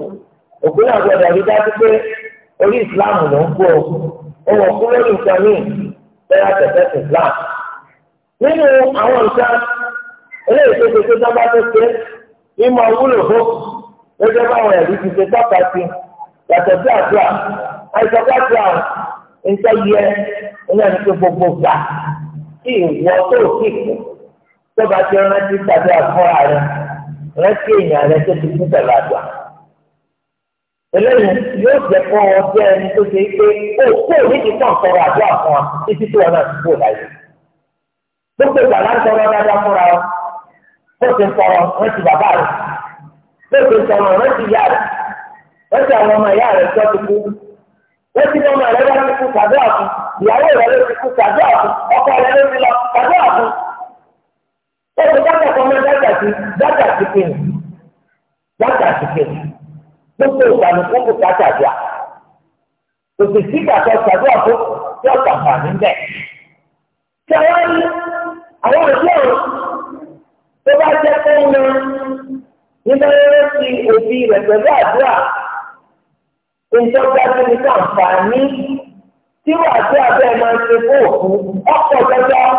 òkú náà gbọdọ̀ pé orí ìsìláàmù ló ń kó o òun òkú lórí nǹkan míì bẹ́ẹ̀ tẹ̀tẹ̀ sí islam. nínú àwọn nǹkan eléyìí tó ṣe tó dábà tó ṣe mímọ wúlò fọ́kù lọ́jọ́ báwọn ẹ̀rí ti ṣe tọ́ka sí yàtọ̀ sí àdúrà àìsàn káàkiri àwọn nǹkan yẹ ẹ̀yà ní pé gbogbo gbà kí ìwọ tó kí tó bá ti rántí tàbí àfọ́ra rẹ̀ rántí èèyàn rẹ tó ti kú pẹ̀lú àgbà. eléyìí yóò jẹ́ kó ọ jẹ́ ẹni tó ṣe pé ó kó nídìí kan sọ̀rọ̀ àdúrà fún wa títí tí wọn náà ti kú láyé. gbogbo ìgbà láti sọ̀rọ̀ dáadáa fúnra ọ bó ṣe ń sọ̀rọ̀ rántí bàbá rẹ bó ṣe ń sọ̀rọ̀ rántí ìyá rẹ rántí àwọn ọmọ ìyá rẹ tó ti kú lẹ́sìn ní ọmọ rẹ bá ti kú tàbí àfún ìyàwó rẹ ló ti kú tàbí àfún ọkọ rẹ ló ti lọ tàbí àfún ó fi dáta kan mọ́ dáta sí dáta sí kéwì dáta sí kéwì gbogbo ìgbàlù fún bùkátà bíà òsì sígbà tó ṣàdúrà fún tí ọ̀tà bà ní bẹ́ẹ̀. ṣé wọ́n ní àwọn ìṣòro tó bá jẹ́ pé ń lọ nígbà yóò fi òbí rẹ̀ pẹ̀lú àdúrà ìjọba ní àǹfààní tí wàá tó abẹ́ máa ń ṣe fún ọ̀pọ̀ dandan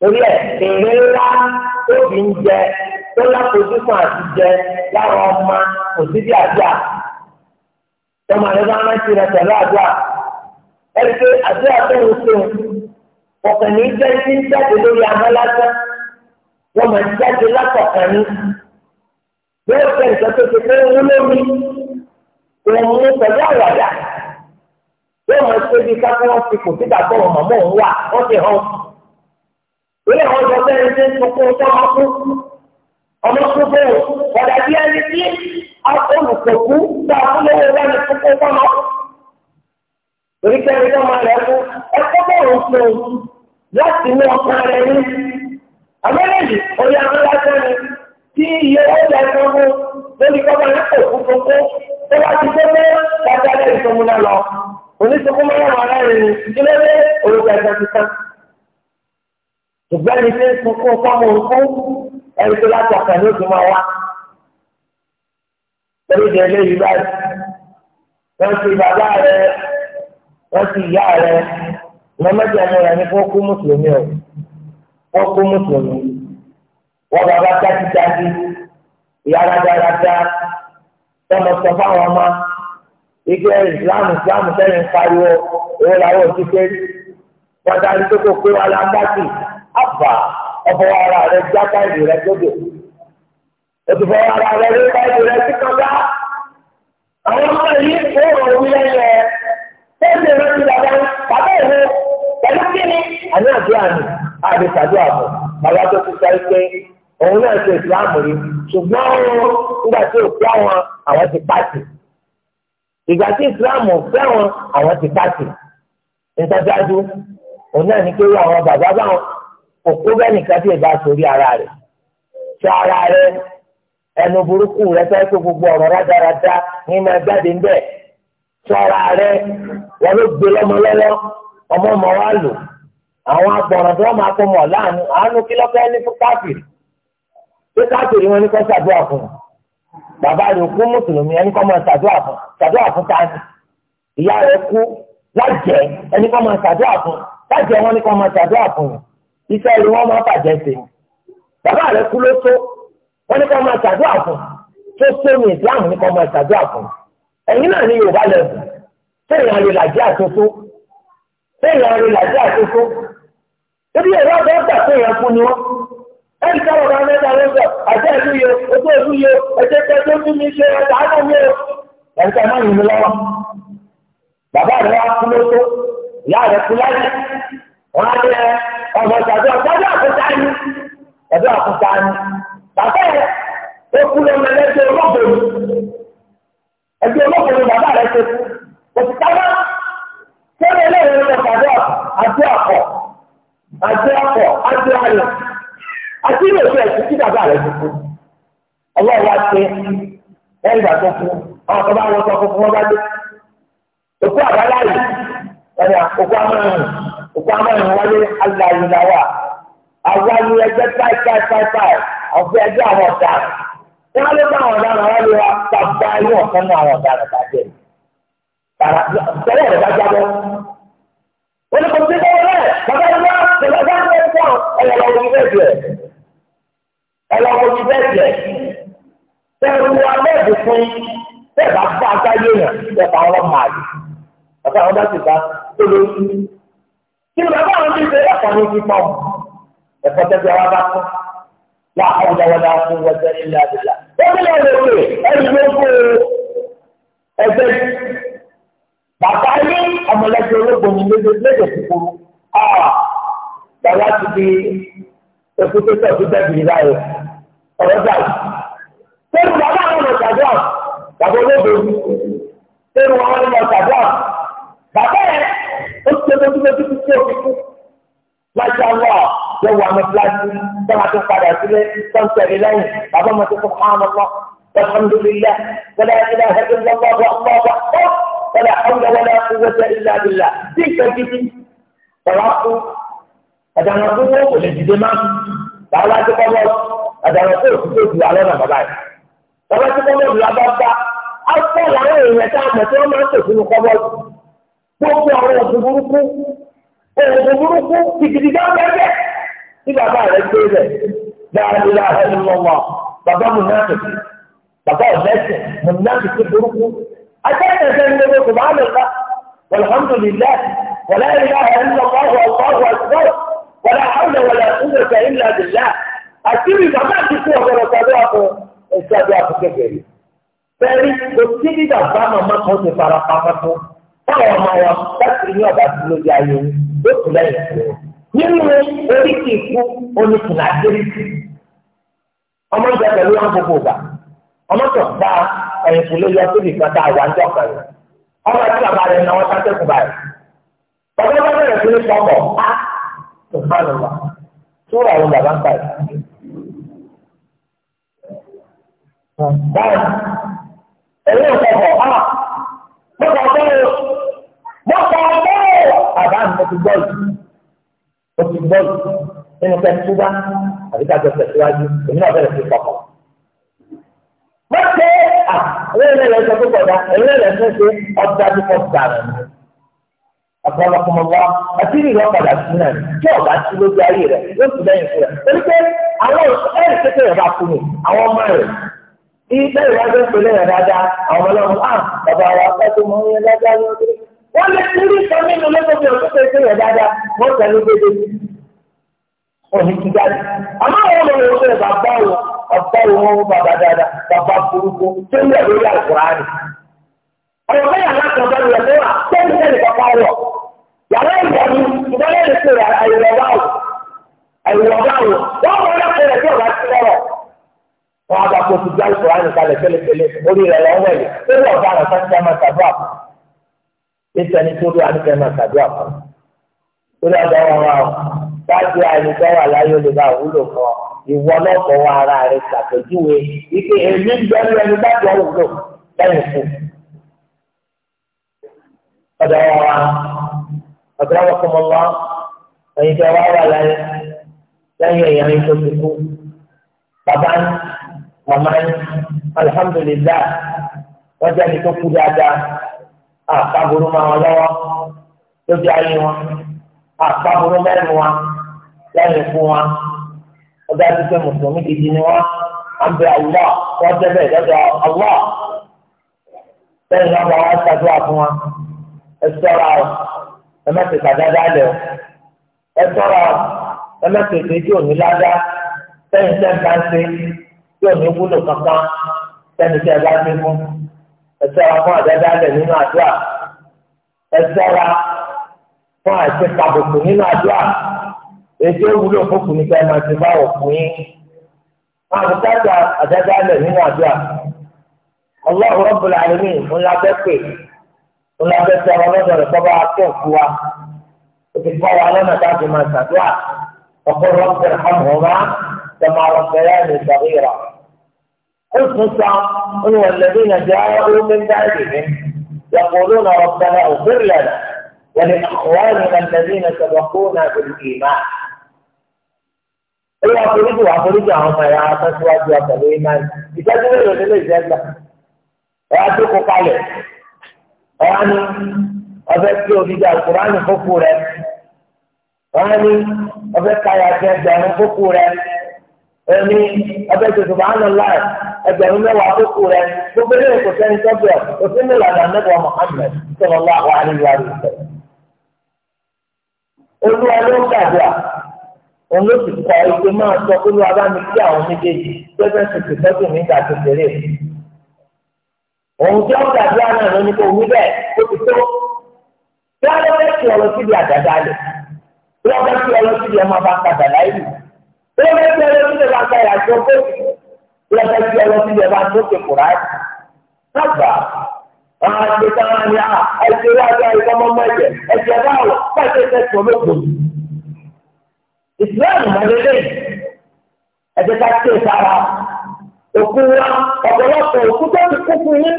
torí ẹ èrè ńlá tóbi ń jẹ tó lápòjúsùn àti jẹ lára ọmọ kò sí bí àdúrà tọmọ rẹ bá rántí rẹ pẹ̀lú àdúrà ẹ ṣe àdúrà tó ń sùn ọkàn ní jẹ ti ń jáde lórí abọ́ lásán wọn máa jáde látọkàn ní yóò fẹ́ nǹkan tó ti fẹ́ wúlò mi òun ní pẹ̀lú àwàdà yóò máa ṣe bí káfíńsì kò sí dàgbọ́ ọmọ mọ́ òun wà wọ́n ti hàn lórí àwọn ọjọ́ bẹ́ẹ̀ ṣe ń sunkún sọ́mọ fún ọmọ fún bẹ́ẹ̀ ọ̀dà bí ẹni tí olùkókú gbà fún lówó bá ní sunkún sọ́mọ. torí kẹrin tó máa rẹ̀ fún ẹ̀kọ́ bọ̀rọ̀ fún un láti mú ọkàn rẹ̀ ní. àmọ́ lẹ́yìn orí àwọn lásán ni tí iye ọjà ẹ̀kan fún lórí kọ́kọ́ ní òkú tuntun tó bá ti tó pé dáadáa lẹ́yìn tó múná lọ. oníṣòkú mẹ́rin àwọn aráàlú ni ìdílé ṣùgbọ́n ẹni tí ń sunkún fọ́mọ òkú ẹni tó láti ọ̀sẹ̀ ní oṣù máa wá. Lórí ìdè eléyìí báyìí, wọ́n ti bàbá rẹ̀, wọ́n ti ìyá rẹ̀, wọ́n mẹ́jọ ọmọ rẹ̀ ní fọ́kú mùsùlùmí o, fọ́kú mùsùlùmí. Wọ́n bàbá dájúdájú, ìyá rádaràdá, tọ́mọ sọ fáwọn ọmọ, ike ìsìlámù ìsìlámù sẹ́yìn pariwo, èwo làwọn òṣìṣẹ́, wọ́n darí tó kó kó wa àbà ọ̀bọ̀ ara rẹ̀ já báyìí rẹ̀ gbọ́dọ̀ òtùbọ̀ ara rẹ̀ rí báyìí rẹ̀ sí kọ́ńtà àwọn ọmọ yìí kó ọ̀rọ̀ wí lẹ́yìn ẹ̀ tẹ́sí ìrántí bàbá bàbá ìwé pẹ̀lú kíni àní àdúrà ni àbí sàdúrà bọ̀ bàbá tó ti sáré pé òun náà ṣe ìsìláàmù rí ṣùgbọ́n nígbà tí ò fẹ́ wọn àwọn ti pàṣẹ ìgbà tí ìsìláàmù ò fẹ́ wọn àwọn ti pàṣẹ nítorí àdú òun náà ní kéwàá àwọn bàbá báwọn òkú bẹ́ẹ̀ nìkan tí ìbá ara rẹ̀ sọ ara rẹ̀ ẹnu burúkú rẹ̀ fẹ́ gbogbo ọ̀rọ̀ rádaràda nínú ẹgbẹ́dẹ ń bẹ̀ ara rẹ̀ wọn ló gbé ọmọ ọmọ wa lò àwọn agbọ̀ràn tí wọ́n máa kó mọ̀ láàánú àánú kí lọ́kẹ́ ní fún káfíìrì káfíìrì wọn ṣàdúrà fún un bàbá rẹ̀ mùsùlùmí ẹni máa ṣàdúrà fún ṣàdúrà fún ìyá rẹ̀ iṣẹ́ ni wọ́n máa bàjẹ́ sí i bàbá rẹ kú ló tó wọ́n ní kó máa ṣàdúrà fún tó tó ní islam ní kó máa ṣàdúrà fún ẹ̀yin náà ní yorùbá lẹ́bù sẹ́yìn arìnrìnàjò àtúntò sẹ́yìn arìnrìnàjò àtúntò ebi ẹ̀rọ ọ̀dọ́ ọ̀gbà tó yẹ fún ni wọ́n ẹni tí wọn bá mẹ́ta ló sọ àti ẹlú yẹ ojú ẹlú yẹ ẹjẹ tẹ tó tún mi ṣe ọjà ánà mi o ẹnìkan náà yìí mi lọ́wọ́ bàbá rẹ wá kú lóko ìyá rẹ kú láyé wọn á lẹ ọ̀gbọ̀n tàbí ọ̀gbọ́dọ̀ àkúta ni tàbí àkúta ni bàbá yẹ o kú lọ́mọ ẹlẹ́gbẹ́ olóògbé ẹgbẹ́ olóògbé ni bàbá rẹ ṣe kò sì tá náà sẹ́yìn eléyìí ló tàbí àti àpọ̀ àti àpọ̀ àti àyọ̀ àti ilé ìfẹ́ ẹ̀sìn tí bàbá rẹ ti kú ọlọ́run wá ṣe lẹ́yìn ìgbà tó kú àwọn kan bá wọn sọ fún wọn bá dé òkú àbáláyé ẹ̀yà òkú amáhùn òkú amáyàn wáyé aláìláwà àwáyé ẹgbẹ́ táìtáìtáì ọ̀fẹ́ ẹgbẹ́ àwọn ọ̀daràn wọ́n lé bá àwọn ọ̀daràn wọ́n lé wa bàbá ayé ọ̀kan náà àwọn ọ̀daràn bàjẹ́ tààrà tẹ́lẹ̀ rẹ̀ bá jábọ́ wọ́n lé kò sí bọ́ọ̀ rẹ̀ bàbá yẹn wá tẹ̀lé bá ń bẹ́ẹ̀ fún ọ̀yọ̀lọ́wọ́ ní bẹ́ẹ̀ jẹ́ ọ̀yọ̀lọ́wọ́ ní bẹ́ẹ̀ jẹ́ tẹ̀rù wa bẹ́ẹ̀ fún tẹ̀bà bá àgbáyé yẹn tẹ̀bà ọlọ́mọ àlè bàbá àwọn bá ti bá tó lóyún kí ni bàbá àwọn bíi ṣe ẹ̀kọ́ ní ojú pọ̀ ẹ̀kọ́ tẹ́tẹ́ wa bá kú láàkọ́ ìdáwọ́dá fún wọ́jọ́ ilé àdìlá wọ́n ní ọ̀rọ̀ rẹ̀ ẹni ló kó ẹgbẹ́ bàbá ilé ọmọlẹ́gbẹ́ ológun ní lédè kúkúrú bàbá ti di epo tó tẹ̀ fún tẹ̀sí ìdáyẹ ọ̀rọ̀ dà sẹ́nu bàbá àwọn ọmọ ṣàdúrà bàbá ológun sẹ́nu àwọn ọmọ ṣàdúrà bàbá yẹn lójúlójú tí kò fi kú. Máṣá wà yẹ wà mí pílásì sọ́nà tó padà sílé sọ́ńtẹ̀rì lẹ́yìn bàbá mi tó fọ́n án lọ́wọ́. Alhamdulilayi, wọ́n yà ilé ẹ̀jẹ̀ lọ́wọ́ bọ̀ bọ̀ bọ̀ bọ̀ wọ́n àwọn wọlé akúwẹ́sẹ̀ ilé abilà tí nǹkan gidi ọ̀rọ̀ kú àdànà tó wọ́n kò lè dìde má bàbá tó kọ́ bọ́ àdànà tó kù tó ju alẹ́ náà bàbá yìí bàbá tó kọ́ bọ́ ju abá bá afọ́ làwọn èèyàn tá a mọ̀ tí wọ́n máa ń tò sínú kọ́ bọ́ gbogbo àwọn ọ̀sùn burúkú ọ̀sùn burúkú kìkìkì dá bẹ́ẹ̀ tí bàbá rẹ̀ gbé rẹ̀ dáadéa ẹni lọ́wọ́ bàbá mùnàfì bàbá ọ̀dẹ́sẹ̀ mùnàfì ti burúkú akẹ́kẹ̀ẹ́ ní gbogbo bàbá mi ká walhamdulilayi wàlá ìlà ẹni lọ́wọ́ ọ̀pọ̀ ọ̀pọ̀ wàlá àwọn wàlá ìlẹ̀kẹ̀ ìlà dìlá àti bí bàbá ti kú ọ̀gọ̀rọ̀ tàbí àpò ẹ̀ṣẹ̀ àbí àpò kékeré fẹ́ẹ́rí kò sí bí bàbá màmá kan ti fara pamọ́ táwọn ọmọ wọn láti ní ọ̀gá tó lójú ayé yìí ó kù lẹ́yìn fún un. nínú oríṣi ikú oníkùnà àdéhìsì ọmọ ìjà pẹ̀lú wọn gbogbo ọmọ tó gba ẹ̀yìn kù lójú ọtí ìgbà tá a wà ní ọ̀kan yìí ọmọ tí bàbá rẹ̀ náà wọ́n sáté kù báyìí. bàbá bá bẹ̀rẹ̀ sí ní á mo ti gbọ́ yìí mo ti gbọ́ yìí nínú pẹ́ túbá àbí ká jọ tẹ̀síwájú èmi náà bẹ̀rẹ̀ sí pọ̀pọ̀. mo ṣe à ẹlẹ́rìí rẹ̀ sọ pé kọ̀dá ẹlẹ́rìí rẹ̀ tún ṣe ọjà tó kọ̀ dànù ni. ọ̀pọ̀lọpọ̀ wa àti ìrìn ọ̀padà sí náà tí ọ̀gá sí lójú ayé rẹ̀ yóò tún lẹ́yìn fún rẹ̀ torí pé àwọn ẹ̀rì kékeré bá fún mi àwọn ọmọ rẹ̀ ìgbẹ́ ìwádìí pẹ̀lú ẹ̀rọ dáadáa àwọn ọmọ náà wọ́n lè ti rí ìtàn nínú lẹ́gbẹ̀ẹ́ òkúta ìṣe rẹ̀ dáadáa wọ́n tẹ̀ ló dédé. Òní ti dáadáa. Àmọ́ àwọn ọmọ rẹ̀ sọ̀rọ̀ bàbá wo ọ̀pá wo wọn bàbá dáadáa bàbá burúkú tó ń yà lórí àkùránì. Ọ̀rọ̀ bẹ́ẹ̀ alákan bá lọ lọ́wọ́ tó ń tẹ̀lé bàbá wọ̀. Yàrá ìgbà mi ìdálẹ́ rẹ̀ sọ̀rọ̀ àyẹ̀wò báwò. Àyẹ̀wò báwò. Wọ́n wọ ọlọ́kùnrin tí ọ̀gá ti lọ́rọ̀. Wọ́n á bá kó ti gbá ìkùránì kalẹ̀ tẹ́lẹ̀tẹ́lẹ̀ orí rẹ̀ lọ́wọ́ ẹ̀ nítorí tó ló àníkẹ́ máa ṣàdúrà fún un lórí ọ̀dọ́ wọn wá o dájú àìníkẹ́ wà láyé ó lè bá wúlò fún ọ ìwọ lọ́kọ̀ wọ ara rẹ ṣàpèjúwe ike èmi ń bẹ́ẹ̀ lẹ́nu dájọ́ wúlò lẹ́yìn fún un. ọ̀dọ́ wọn wá ọ̀dọ́ wọn kọ́ mọ́ wá ẹ̀yin tẹ́ wá wà láyé lẹ́yìn èèyàn yìí tó ti kú bàbá ń màmá ń alihamudulilayi wọ́n jẹ́ ẹni tó kú dáadáa àpapòrò máa wọn lọ́wọ́ lójú ayé wọn àpapòrò mẹ́rin wọn lẹ́yìn fún wọn ọjọ́ àti pé mùsùlùmí gidi ni wọn à bẹ àwùwà wọn débẹ̀ lọ́dọ̀ àwùwà lẹ́yìn náà wọn wá ṣàdúrà fún wọn ẹ ṣọ́ra o ẹ má tètè àdáda lẹ o ẹ sẹ́yìn sẹ́yìn bá ń ṣe tí ò wúlò kankan sẹ́yìn sẹ́yìn bá ń ṣe fún ẹ ṣọ́ra fún àdáda lẹ̀ nínú àdúrà ẹ ṣọ́ra fún àti kàbùkù nínú àdúrà ètò ìwúlò fòkù ní ká máa ti bá òkú yín máa fi káàtà àdáda lẹ̀ nínú àdúrà Allahu Rabbul Alamin ńlá bẹ́ẹ̀ pè ńlá bẹ́ẹ̀ pè àwọn ọlọ́dọ̀ rẹ̀ kọ́ bá wa òtítọ́ wa lọ́nà dájú máa ṣàdúrà ọ̀pọ̀ rọ́bìnrin hàn wọ́n má tẹ̀mọ̀ àrọ̀fẹ́ ní ìgbàgbé حسنسا انه الذين جاءوا من بعدهم يقولون ربنا اغفر لنا ولأخواننا الذين سبقونا بالإيمان ايه اخرجوا اخرجوا هم يا فسواد يا سليمان يتجمعوا لله زي الله ويعطيكوا يعني أذكروا في القرآن فكورا إيه يعني أذكروا يا كيف جانوا فكورا إيه يعني أذكروا سبحان الله ẹgbẹ̀rún mẹ́wàá àkókò rẹ gbogbo ilé kò sẹ́ni sọ́bẹ̀ òfin ní ìlànà anábọ̀ Muhammad sọ̀rọ̀ wá wà ní ìlú àrùn sẹ̀. olúwa ló ń gbàdúrà òun ló sì kọ ìgbé máa sọ pé olúwa bá mi kí àwọn méjèèjì pẹ́pẹ́ sì sì tọ́jú mi ìgbà kékeré. òun jẹ́ gbàdúrà náà ló kó wí bẹ́ẹ̀ ó ti tó. bí wọ́n bá ti ọ̀rọ̀ síbi àdàdà lẹ̀ bí wọ́n bá ti ọ̀rọ̀ síbi ọmọ bá ń padà láì lọ́sẹ̀ tí ọlọ́sí ilẹ̀ bá tókè kura ẹ̀ sábà wọn á ti ká wọn ní à ẹsẹ̀ wá sí àyíká mọ́mọ́ ẹ̀jẹ̀ ẹ̀jẹ̀ báwọ̀ pàṣẹ tẹ̀sán olóko ìsìláàmù mọ́lẹ́lẹ́ ẹ̀jẹ̀ ká tẹ̀ sára òkú wa ọ̀pọ̀lọpọ̀ òkú tó ti kú fún yín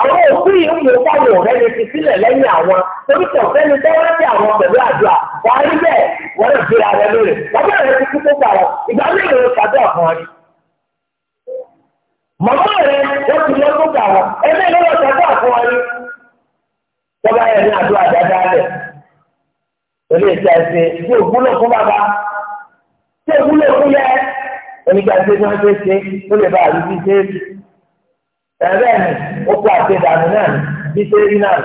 àwọn òkú yìí ń lò fáwọn ọ̀rẹ́ mi ti sílẹ̀ lẹ́yìn àwọn torí kò sẹ́ni tó rántí àwọn pẹ̀lú àdúrà wọ́n á rí bẹ́ẹ̀ wọ́n lè fi ara rẹ lóore bàbá rẹ ti kú tó gbà wọn ìgbà mélòó ṣàdúrà fún ọ màmá rẹ wọ́n ti lọ sókè àwọn ẹgbẹ́ ìlú ọ̀sẹ̀ tó àfọwọ́ ni tọ́ba yẹn ní àdúrà dáadáa rẹ̀ pẹ̀lú ìta ẹsẹ̀ tí ò wúlò fún bàbá tí ò wúlò fún yẹ onígbà tí wọ́n ṣe ṣe ó lè bá àrùn ṣíṣe ẹ̀rẹ́ mi ó kó àti ìdààmú náà bí ṣe rí náà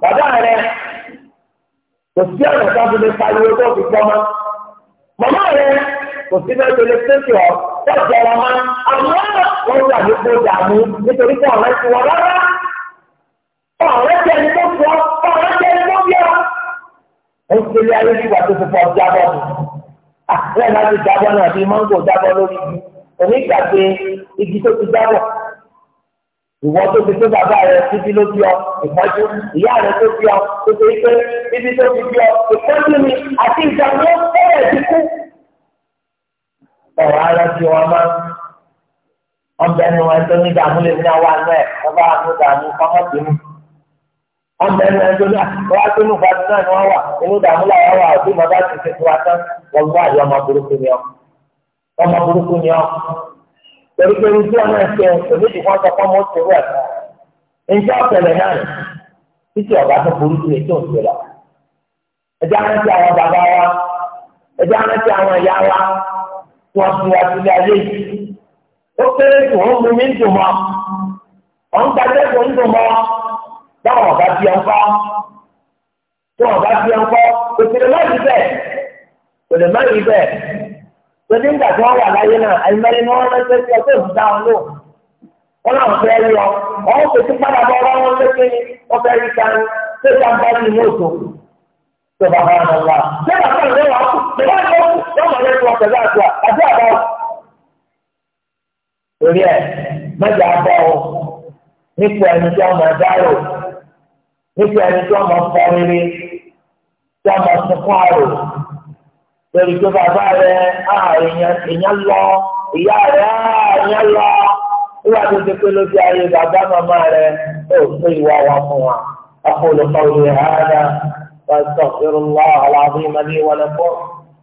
bàbá rẹ kò sí ọ̀nà tó fi lè pariwo tó fi gbọ́mọ màmá rẹ kò sí bẹ́ẹ̀ tó lè tẹ́sí tẹ̀sẹ̀ wọn máa àmọ́ wọn gbà ní kó dààmú nítorí pé ọ̀rẹ́ ti wọ rárá. ọ̀rẹ́ ti ẹni tó fọ ọ̀rẹ́ ti ẹni tó bíọ́. ó ń pèlè ayé nígbà tó fọ jábọ́ mi. àlẹ́ ti jábọ́ náà bí mọ́ngò jábọ́ lórí igi. òní gbàgbé igi tó ti jábọ́. ìwọ tó ti tó bàbá rẹ títí ló bí ọ ìyá rẹ tó bí tó ti pé títí tó ti bí ọ ìpọ́jú àti ìjàmbá ó bẹ̀rẹ̀ ti kú ọ̀rọ̀ ara ti wọn máa ọbẹ̀ ni wọn tó ní dààmú lè ní àwa náà ọba àánú dààmú kọ́mọ́ bínú ọbẹ̀ ni wọn tó ní àwọn akínú fati náà ni wọn wà inú dààmú làwọn wà òbí màá bá ti ṣe tiwa tán wọn bá àyè ọmọ burúkú ni ọ ọmọ burúkú ni ọ torí pé ojú ọmọ ẹsẹ onídìí wọn sọ fọmọ ó tẹwé ẹsẹ njẹ ọtẹlẹ náà títí ọba tó burúkú lè tó ń tẹ lọ ẹjẹ arántí àwọn bàbá wa ẹjẹ arántí àwọn ìyá wa tí wọ́n fi wá sílé ayé yìí. ó kéré jù ń mú mi ń dùn mọ́ ọ̀ ń gbàgbé kò ń dùn mọ́ báwọn ọ̀gá bí ẹ̀ ń kọ́ tí wọ́n bá bí ẹ̀ ń kọ́ kò sì lè má rí bẹ́ẹ̀ kò lè má rí bẹ́ẹ̀ torí nígbà tí wọ́n wà láyé náà àìmọ́lẹ́ ni wọ́n ránṣẹ́ sí ọtí òkúta wọn lò wọ́n náà fẹ́ rí ọ ọ̀hún kò sí padà bọ́ ọ sọba ha na nwa lẹ́yìn àti ọ̀rẹ́ wa kú lẹ́yìn àti ọ̀rẹ́ wa wọ́n mọ̀ lẹ́yìn wọn pẹ̀lú àti àti àbá wọn. torí ẹ mẹ́jọ abọ ọ nípa ẹni tí wọ́n máa dárò nípa ẹni tí wọ́n máa fọ tí wọ́n máa sunkún àrò lórí tó bàbá rẹ èèyàn lọ ìyá rẹ èèyàn lọ wíwá tó ti pé lójú ayé bàbá màmá rẹ ó pé ìwà wa fún wa. أقول قولي هذا فاستغفر الله العظيم لي ولكم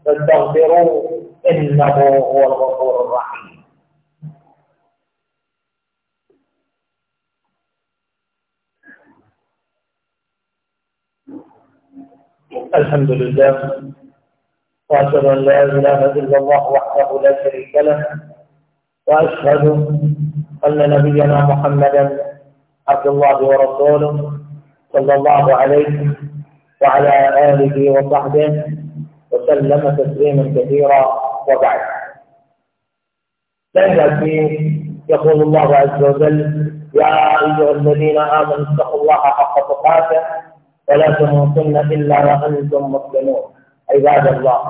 فاستغفروه إنه هو الغفور الرحيم الحمد لله وأشهد أن لا إله إلا الله وحده لا شريك له وأشهد أن نبينا محمدا عبد الله ورسوله صلى الله عليه وعلى آله وصحبه وسلم تسليما كثيرا وبعد لأن في يقول الله عز وجل يا أيها الذين آمنوا اتقوا الله حق تقاته ولا تموتن إلا وأنتم مسلمون عباد الله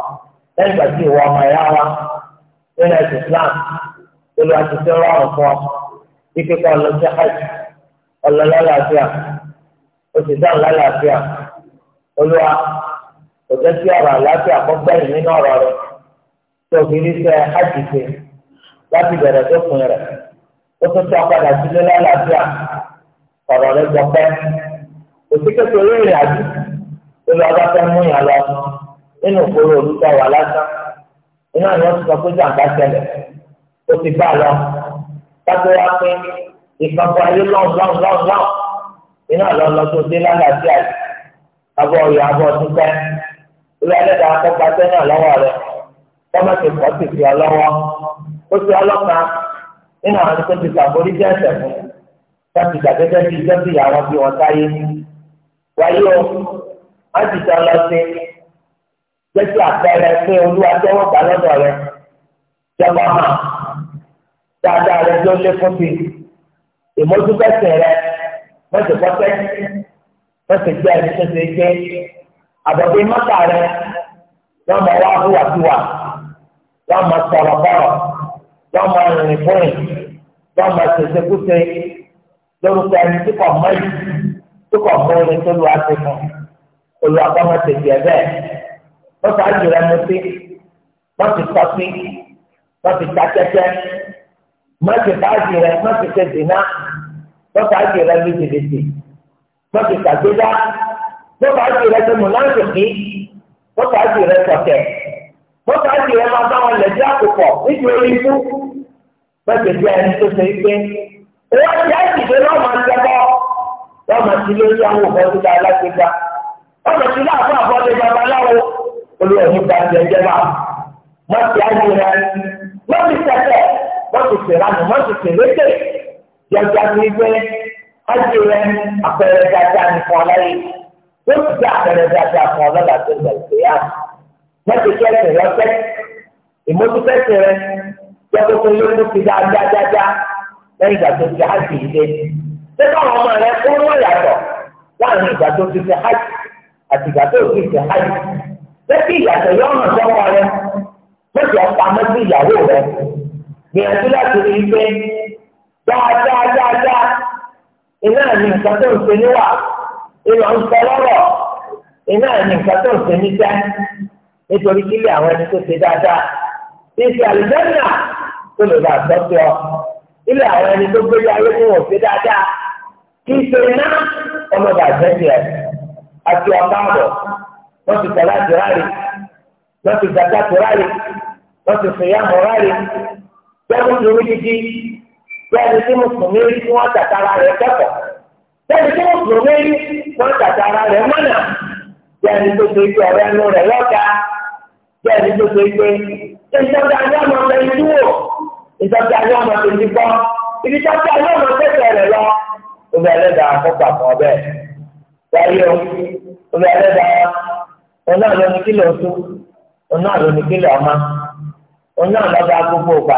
لأن في وما يرى من الإسلام كل تسرى سرى في كتاب الحج ولا لا لا فيها وتزال لا لا فيها olúwa kò jẹ́ sí ọ̀rọ̀ àlàáfíà kọ́gbẹ́yìn nínú ọ̀rọ̀ rẹ̀ tí o fi rí sẹ́ àjìṣe láti bẹ̀rẹ̀ tó fún rẹ̀ ó tún tẹ́ ọ̀padà sílé lálàáfíà ọ̀rọ̀ rẹ̀ jọ pẹ́ òsì kékeré ìrìn àjò olúwa bá fẹ́ mú yàn lọ nínú ìkóró olùkọ́ wà lásán iná ni wọ́n ti sọ pé jàǹbá ṣẹlẹ̀ ó ti bá a lọ pátó wá pé ìkànkọ́ ayé lọ́n lọ́n lọ́n lọ́n iná lọ́n lọ́n tó dé lálàáfíà yìí abọ́ ọ̀yọ́ abọ́ ọdún pẹ́ ilé ẹlẹ́dà akọ́gbà sẹ́yìn ọ̀lọ́wọ́ rẹ̀ tọ́mọ̀tì pọ̀ sì fi ọlọ́wọ́ ó ti ọlọ́ka nínú àwọn tó ti sàbórí jẹ́ ẹ̀sẹ̀ fún láti gbàgẹ́gẹ́ bí iṣẹ́ bí àwọn bí wọ́n táyé wáyé o wọ́n ti sọ lọ sí jẹ́ sí àpẹẹrẹ pé olúwa tẹ́wọ́ gbà lọ́dọ̀ rẹ̀ jọba hàn dáadáa rẹ̀ ló lé fún ti ìmójútẹ́sìn rẹ̀ mọ́tò pọ́tẹ́sì fẹsẹ̀ jẹ́ ẹni tó ṣe jẹ́ àbọ̀dé mọ́tà rẹ wọ́n máa wá hùwàsíwà wọ́n máa sọ̀rọ̀ bọ̀rọ̀ wọ́n máa rìnrìn fúnrin wọ́n máa ṣẹ̀ṣẹ̀ kúṣe lórúkọ ẹni tí kò mọ yìí tí kò mọ orin tó lu àti fún olùwàkọ́mọ tètè ẹ̀ bẹ́ẹ̀ wọ́n fà á jù rẹ mu sí wọ́n ti sọ sí wọ́n ti ta tẹ́tẹ́ wọ́n ti fà á jù wọ́n ti ṣe dìná wọ́n fà á jù rẹ lu jìbìtì wọ́n ti ṣàgbéga bọ́tà àti rẹ ti mùnáfìkì bọ́tà àti rẹ tọ̀tẹ̀ bọ́tà àti rẹ máa bá wọn lẹ̀ dí àkùkọ̀ níbi orí ikú wọ́n ti di ẹni tó ṣe pé owó ti àìsíde náà máa ń tẹ́kọ̀ wọ́n máa ti lé ní àwọn òbọ̀ tó dáa lágbègbà wọ́n máa ti lé àbọ̀ àbọ̀ lè babaláwo olùwẹ̀ ní gbàgbẹ́ ìjẹba wọ́n ti àìsí rẹ wọ́n ti tẹ̀tẹ̀ wọ́n ti tẹ̀lánù wọ́n ti tẹ̀lé hajj rẹ àpẹẹrẹ dáadáa ní fún ó ti dá àpẹẹrẹ dáadáa fún ọlá láti ìgbà ìgbéyà mọ́tò kẹ́sì lọ́sẹ̀ ìmọ̀tòkẹ́sì rẹ jẹ́kọ́ tó fi dáadáa dáadáa lẹ́yìn ìgbà tó ti hajj yìí dé ṣé káwọn ọmọ rẹ kó wọ́n yàtọ̀ láàrin ìgbà tó ti fi hajj àti ìgbà tó ti fi hajj lẹ́kì ìyàtọ̀ yọ ọ̀nà sọ́kọ rẹ mọ́tò ọ̀pá mọ́tò ìyàwó rẹ gbìyànjú láti rí i pé dáadáa dáadáa. iná ní nǹkan tó ń ṣe níwà ìlọ ń sọ lọ́rọ̀ iná ní nǹkan tó ń ṣe níṣẹ́ nítorí kílẹ̀ àwọn ẹni tó ṣe dáadáa ìṣe àlùjẹ́nà tó lè bá àtọ́sí ọ ilé àwọn ẹni tó gbé ayé fún òṣè dáadáa kí ṣe iná bẹ́ẹ̀ni tí mùsùlùmí rí tí wọ́n tàtàrà rẹ̀ kẹ́kọ̀ọ́ bẹ́ẹ̀ni tí mùsùlùmí rí tí wọ́n tàtàrà rẹ̀ mọ́nà bẹ́ẹ̀ni tó ṣe pé ọ̀rẹ́ ẹnu rẹ̀ lọ́ta bẹ́ẹ̀ni tó ṣe pé ìjọba ayé ọmọ ọmọ ìlú wò ìjọba ayé ọmọ tòjú gbọ́ ìjọba ayé ọmọ tẹ̀sẹ̀ rẹ̀ lọ òbí ẹlẹ́dà àkọ́kọ́ àkọ́ bẹ́ẹ̀ wáyé o òbí ẹlẹ́dà ọ̀nà àlọ́nikílẹ̀ ọ̀tún ọ̀nà àlọ́nikílẹ̀ ọ̀ma ọ̀nà àlọ́dà gbogbo ọ̀gbà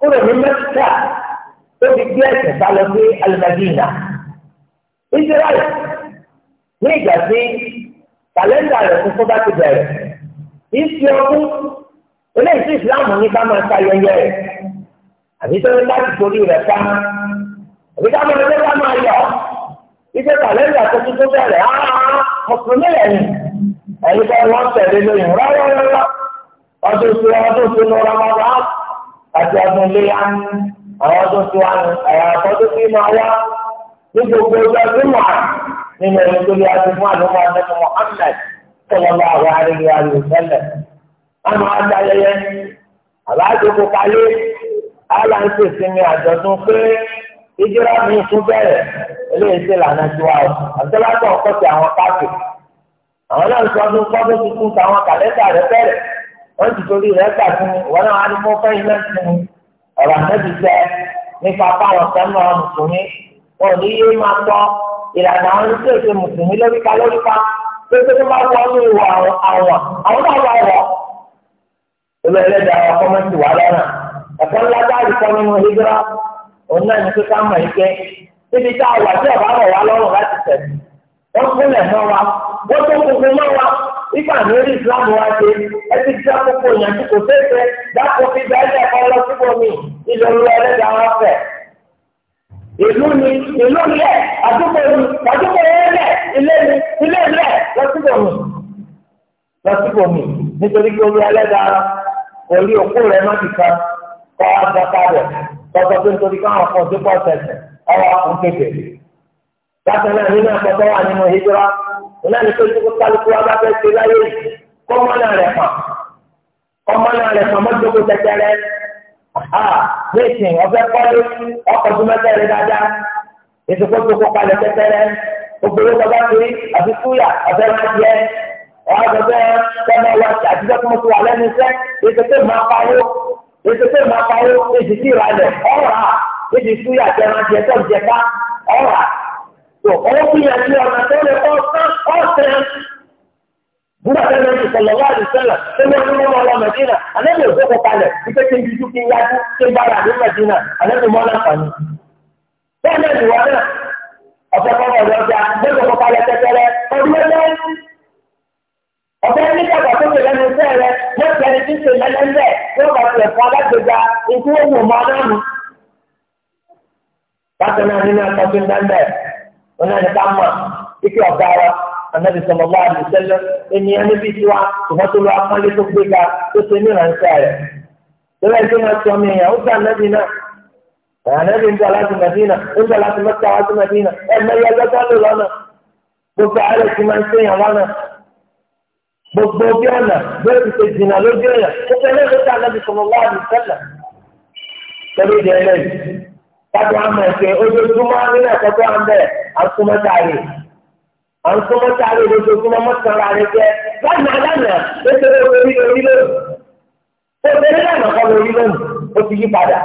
kúrò ní mẹ́tíkà ó fi gbé ẹ̀sẹ̀ sá lọ sí alimadina israẹl ní ìgbà tí kàlẹ́ndà rẹ̀ tuntun bá ti bẹ̀rẹ̀ kìí ṣe ọdún eléyìí tí ìsìláàmù ní ká máa ṣayẹyẹ rẹ̀ àbí tó ní láti torí rẹ̀ ká àbí ká máa lé ká máa yọ iṣẹ́ kàlẹ́ndà tuntun tó bẹ̀rẹ̀ áá mùsùlùmí lẹ́yìn ẹ̀yin kọ́ ni wọ́n tẹ̀lé lóyún rárá rárá ọdún sí ọdún sí ní ọ̀rọ̀ ọmọ àti ọdún léyà àwọn ọdún tó wà ní àwọn ọdún tó máa wá ní gbogbo ọjọ́ tó wà nínú ẹni tó lè àti fún àlùmọ àdéhùn Muhammad sọlọlá àwọn arìnrìn àlù sẹlẹ àmọ́ àti ayẹyẹ àbájókòó kalẹ̀ aláǹsì sinmi àjọ̀dún pé ìjírá mi tún bẹ̀rẹ̀ eléyìí ṣe lànà ju àwọn àtẹlẹsọ ọkọ ti àwọn káàkiri àwọn náà ń sọ ọdún tuntun táwọn kàlẹ́tà rẹ bẹ̀rẹ̀ wọ́n ti torí rẹ̀ gbà fún mi wọ́n náà wá ní mo fẹ́ ilé fún mi ọ̀rọ̀ àtẹ́bí jẹ́ nípa báwọn sẹ́nu àwọn mùsùlùmí wọn ò ní yé máa tọ́ ìlànà àwọn oníṣẹ́ ìṣe mùsùlùmí lórípa lórípa pépé tó bá wọ́n ní ìwọ àwọn àwọn àwọn náà wà wọ̀. olóòlẹ́dà àwọn kọ́mẹ́ntì wà lọ́nà ẹ̀kọ́ ńlá dáàbì kan nínú hijira òun náà ní kíkà mọ̀ ike níbi tá a wà tí ọ̀bá nígbà ní orí islam wa ṣe ẹtí tí akókò yẹn tí kò tẹ́tẹ́ dákò fi bẹ́ẹ̀ ní ẹ̀kọ́ lọ síbò mi ìlú olúwa ẹlẹ́dàá wọn fẹ̀. ìlú ni ìlú ni ẹ̀ àdúgbò ni àdúgbò yẹn lẹ̀ ilé ni ilé lẹ̀ lọ síbò mi lọ síbò mi nítorí pé olúwa ẹlẹ́dàá orí òkú rẹ̀ má ti kan kọ́ agbáta rẹ̀ tọ́jọ́ pé nítorí káwọn kan dé pọ̀ tẹ̀sẹ̀ ọwọ́ àkùnkèké. bákan náà nínú ẹ̀kọ́ tó wà nínú hijira iná ní pé kókó kálukú wa bá fẹ́ ṣe láyé yìí kọ́mọ́nà rẹ̀ pọ̀ kọ́mọ́nà rẹ̀ pọ̀ mọ́tòkó tẹ́tẹ́rẹ́ ní ìsìn ọ̀fẹ́ kọ́lé ọkọ̀ tó mẹ́tẹ́ rẹ̀ dáadáa ìsìnkú tó kó kalẹ̀ tẹ́tẹ́rẹ́ obìnrin tó bá ti àti súyà ọ̀fẹ́ máa jẹ́ ọ̀ọ́dọ̀fẹ́ tẹ́lẹ̀ wá sí àtijọ́ tó mọ̀ tó wà lẹ́nu iṣẹ́ ìsìnkú máa pawó ìsìnkú máa pawó ìsìnkú ìrànlẹ̀ ọ̀rà tó ọwọ́ bí ẹni ọ̀nà tó lè kọ́ ọ̀sẹ̀ nígbà tó lè sọ̀lọ̀ wá àdìsẹ́lẹ̀ tó lè fún mọ́ ọlọ́ mẹ́dínà àlẹ́bí òjò kọ kalẹ̀ wípé kí n yíjú kí n yájú kí n bára àdé mẹ́dínà àlẹ́bí mọ́ láǹfààní. bẹ́ẹ̀ náà ìwọ náà ọ̀fẹ́ kọ́ ọ̀rọ̀ ọjà lẹ́gbẹ̀ẹ́ kọ kalẹ̀ tẹ́tẹ́rẹ́ ọdún ẹgbẹ́ ọ̀fẹ́ ní kàkà tó ṣe lẹ́nu iṣẹ́ rẹ lọ́sẹ̀ ẹni tí ń ṣe lẹ́lẹ́lẹ́ yóò bá tilẹ̀ fún alágbèjà ikú òwò mọ́ náà nù. bákan náà nínú ẹ̀kọ́ tó ń dá wọn náà ní ká mọ̀ ike ọ̀gá wa anabi sallallahu alaihi wasallam ènìyàn níbi tiwa ìwọ́n tó lọ apọ́nlé tó gbé ga tó ṣe ní ìrànṣẹ́ rẹ̀ lọ́wọ́ ẹgbẹ́ wọn sọ mi èèyàn ó gbà anabi náà anabi ń bọ̀ láti Madina ń bọ̀ láti Mẹ́kà wá sí Madina ẹ̀ mẹ́yẹ lọ́jọ́ lò lọ́nà gbogbo ààrẹ ti máa ń ṣèyàn lọ́nà gbogbo bí ọ̀nà bí o ti ṣe jìnnà lójú èèyàn ó fẹ́ lẹ́yìn tó tàbí àmọ̀ ẹ̀fẹ́ ojoojúmọ́ nílẹ̀ tọ́jú à ń bẹ̀ à ń súnmọ́ sáré à ń súnmọ́ sáré ojoojúmọ́ mọ́tàlá rẹ jẹ́ lánàá lánàá lóṣèlú orí orí lónìí òṣèlú lánàá kọ́ lórí lónìí ó ti yí padà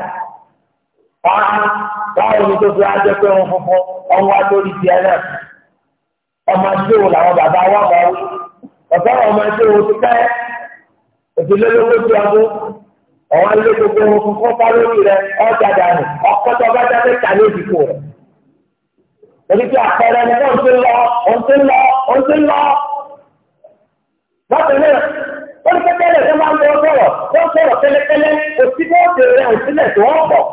wàá báwo ni tó fi ajẹ́ pé wọn funfun ọmọ adóri tiẹ̀ náà ọmọ adéwò làwọn bàbá wa mọ̀ ọ́ ọ̀sán ọmọ adéwò ti ká ẹ̀ òṣèlú olówó ti ọdún ọ̀wá lé gbogbo ohun funfun fá lórí rẹ ọjà dànù ọkọ́tọ̀ bá dá mẹ́ta lójú kù rẹ̀. Èmi ti àpẹẹrẹ ni wọ́n ti lọ, òun ti lọ, òun ti lọ. Bákan náà, ó ní pẹ́pẹ́lẹ̀ tó máa ń lọ sọ̀rọ̀, tó ń sọ̀rọ̀ kẹ́lẹ́kẹ́lẹ́, òsì tó ń tèrè òsìlẹ̀ tó ń bọ̀.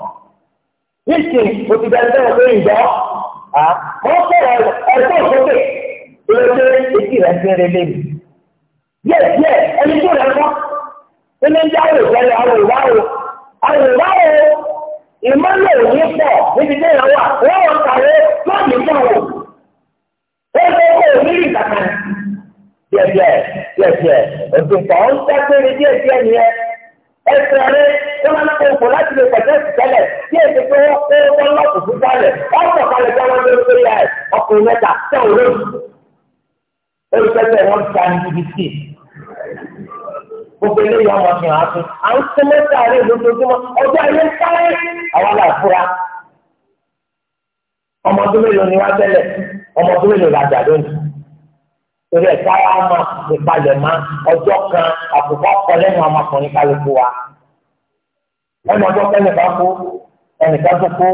Níṣìn, mo ti dẹni sọ̀rọ̀ pé ìjọ. Mo sọ̀rọ̀ ẹ̀kọ́ òkúté, ìrètí rẹ̀ ti rẹ̀ lé mi. Díẹ̀ díẹ̀, ẹni tó rẹ̀ kọ́. Ilé ń jáwé ìfẹ́lẹ̀ awòwáwo. Awòwáwo ìmọ̀lẹ̀ òní pọ̀ níbi tí ìyàwó àwọn kàwé lọ́ọ̀dì jáwò. Ó ṣe kó omi rí kàkà. Díẹ̀díẹ̀ díẹ̀díẹ̀ òṣùpọ̀ ń tẹ́kẹ́rì díẹ̀díẹ̀ nìyẹn. Ẹsẹ̀ rẹ̀ tí wọ́n lọ́kọ̀ òkò láti lè pẹ̀tẹ́ ìtẹ́lẹ̀ tí èsì pé wọ́n kó wọ́n lọ́kù fún sálẹ̀. Ọ̀pọ̀ kalẹ̀ tí wọ́n lé lórí ẹ̀ ọkùnrin mẹ́ta tẹ̀ òun lórí. Olùkẹ́sẹ̀ wọn gbogbo eléyìí ọmọ fi hàn fún à ń tún mẹ́ta rẹ lójoojúmọ́ ọjọ́ ayé sáré àwọn aláàfúrá ọmọ tó mélòó ni wá tẹ́lẹ̀ ọmọ tó mélòó làjà lónìí torí ẹ ká wá máa ìpalẹ̀ máa ọjọ́ kan àkùkọ kọ lẹ́nu ọmọkùnrin kálukú wa ẹnu ọjọ́ kẹ́nìkan kú ẹnìkan tó kú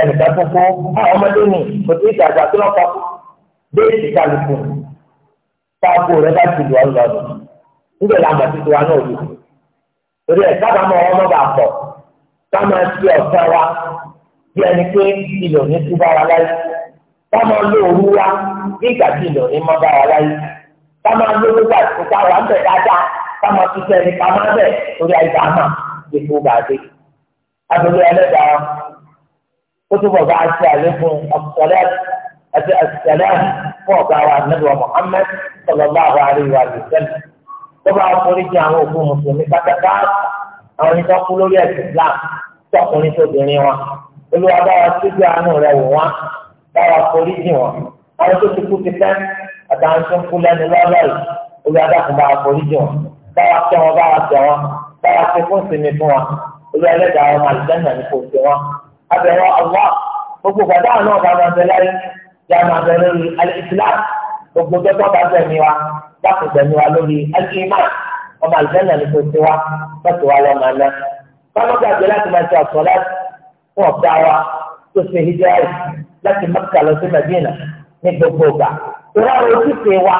ẹnìkan tó kú àwọn ọmọdé ni kò tí ì dàgbà tó lọ́kọ̀ déètì kálukú táàbù rẹ bá ti lù níbẹ̀ la mọ̀ títí wa náà yìí torí ẹ̀ sábà mọ ọmọ bá pọ̀ ká máa ti ọ̀sán wa bí ẹni pé ìlò ní tú bá wa láyé ká máa lo òru wa bí ìgbà tí ìlò ní mọ́ bá láyé ká máa lo nígbà tó bá wa ń bẹ̀ dáadáa ká máa tún sẹ́ni ká máa bẹ̀ torí àìsàn àmà gbogbo bàdé. Abẹ́lé ẹlẹ́dàá ó túbọ̀ bá a ṣe àlékún ọ̀sọ̀lẹ́ àti àṣìṣẹ́lẹ́ fún ọ̀gá wa Nàbẹ̀wá Mùhàmmad ọba àforíjì àwọn òkú mùsùlùmí pátápá àwọn ẹni tó kú lórí ẹ̀sìn Islam tọkùnrin tóbìnrin wọn olúwa bá wa síbi àánú rẹ̀ wò wọn bá wa foríjì wọn àwọn tó ti kú ti pẹ́ àtàwọn tó ń kú lẹ́nu lọ́lọ́ yìí olúwa dákun bá wa foríjì wọn bá wa tẹ wọn bá wa tẹ wọn bá wa fi fún sinmi fún wọn olúwa ẹlẹ́dàá wọn màlúùdẹ́nà ní kò sí wọn abẹ́rẹ́ ọlọ́ gbogbo gbàdá náà bá wọn bẹ láyé yàrá bẹ lórí alẹ́ ìsìlá gbogbo tó tọ́ bá bẹ̀ mí wa dákun gbẹ̀mí wa lórí ajínigbà ọmọ àlùfẹ́nà ní kò sí wa mọ́tò wa lọ́ọ́ máa ná. káwọn gbàgbé láti máa ṣe ọ̀sán láti fún ọ̀gá wa tó ṣe hijab láti Mẹ́kà lọ sí Mẹ́dínà ní gbogbo ìgbà. ìrọ̀ àwọn ojúṣe wa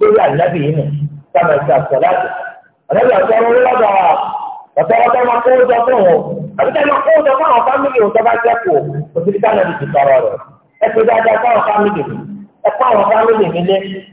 lórí ànábì yìí nù sábà ṣe ọ̀sán láti. ànábì ọ̀sán orí lọ́dọ̀ wa ọ̀sán ọ̀sán máa kó oúnjẹ fún wọn àbí máa kó oúnjẹ fún àwọn fámìlì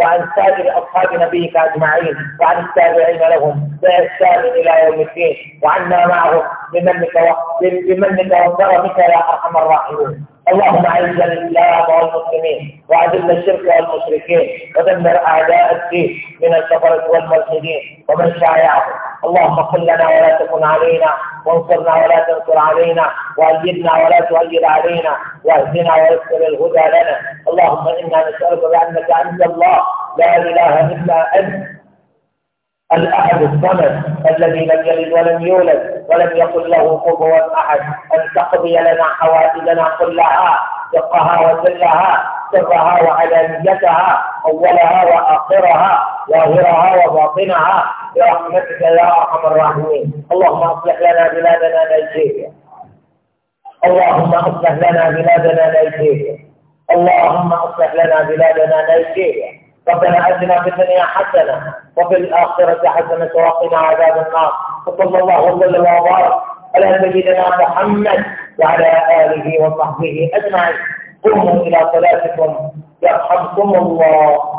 وعن سائر أصحاب نبيك أجمعين وعن التابعين لهم بإحسان إلى يوم الدين وعنا معهم بمنك وبمنك وكرمك يا أرحم الراحمين اللهم اعز الاسلام والمسلمين واذل الشرك والمشركين ودمر اعداء الدين من الكفره والملحدين ومن شايعهم اللهم قل لنا ولا تكن علينا وانصرنا ولا تنصر علينا وايدنا ولا تؤيد علينا واهدنا ويسر الهدى لنا اللهم انا نسالك بانك انت الله لا اله الا انت الأحد الصمد الذي لم يلد ولم يولد ولم يكن له كفوا أحد أن تقضي لنا حوادثنا كلها دقها وسرها سرها وعلانيتها أولها وآخرها ظاهرها وباطنها برحمتك يا أرحم الراحمين اللهم أصلح لنا بلادنا نيجيريا اللهم أصلح لنا بلادنا نيجيريا اللهم أصلح لنا بلادنا نيجيريا ربنا اتنا في الدنيا حسنه وفي الاخره حسنه وقنا عذاب النار وصلى الله وسلم وبارك على سيدنا محمد وعلى اله وصحبه اجمعين قوموا الى صلاتكم يرحمكم الله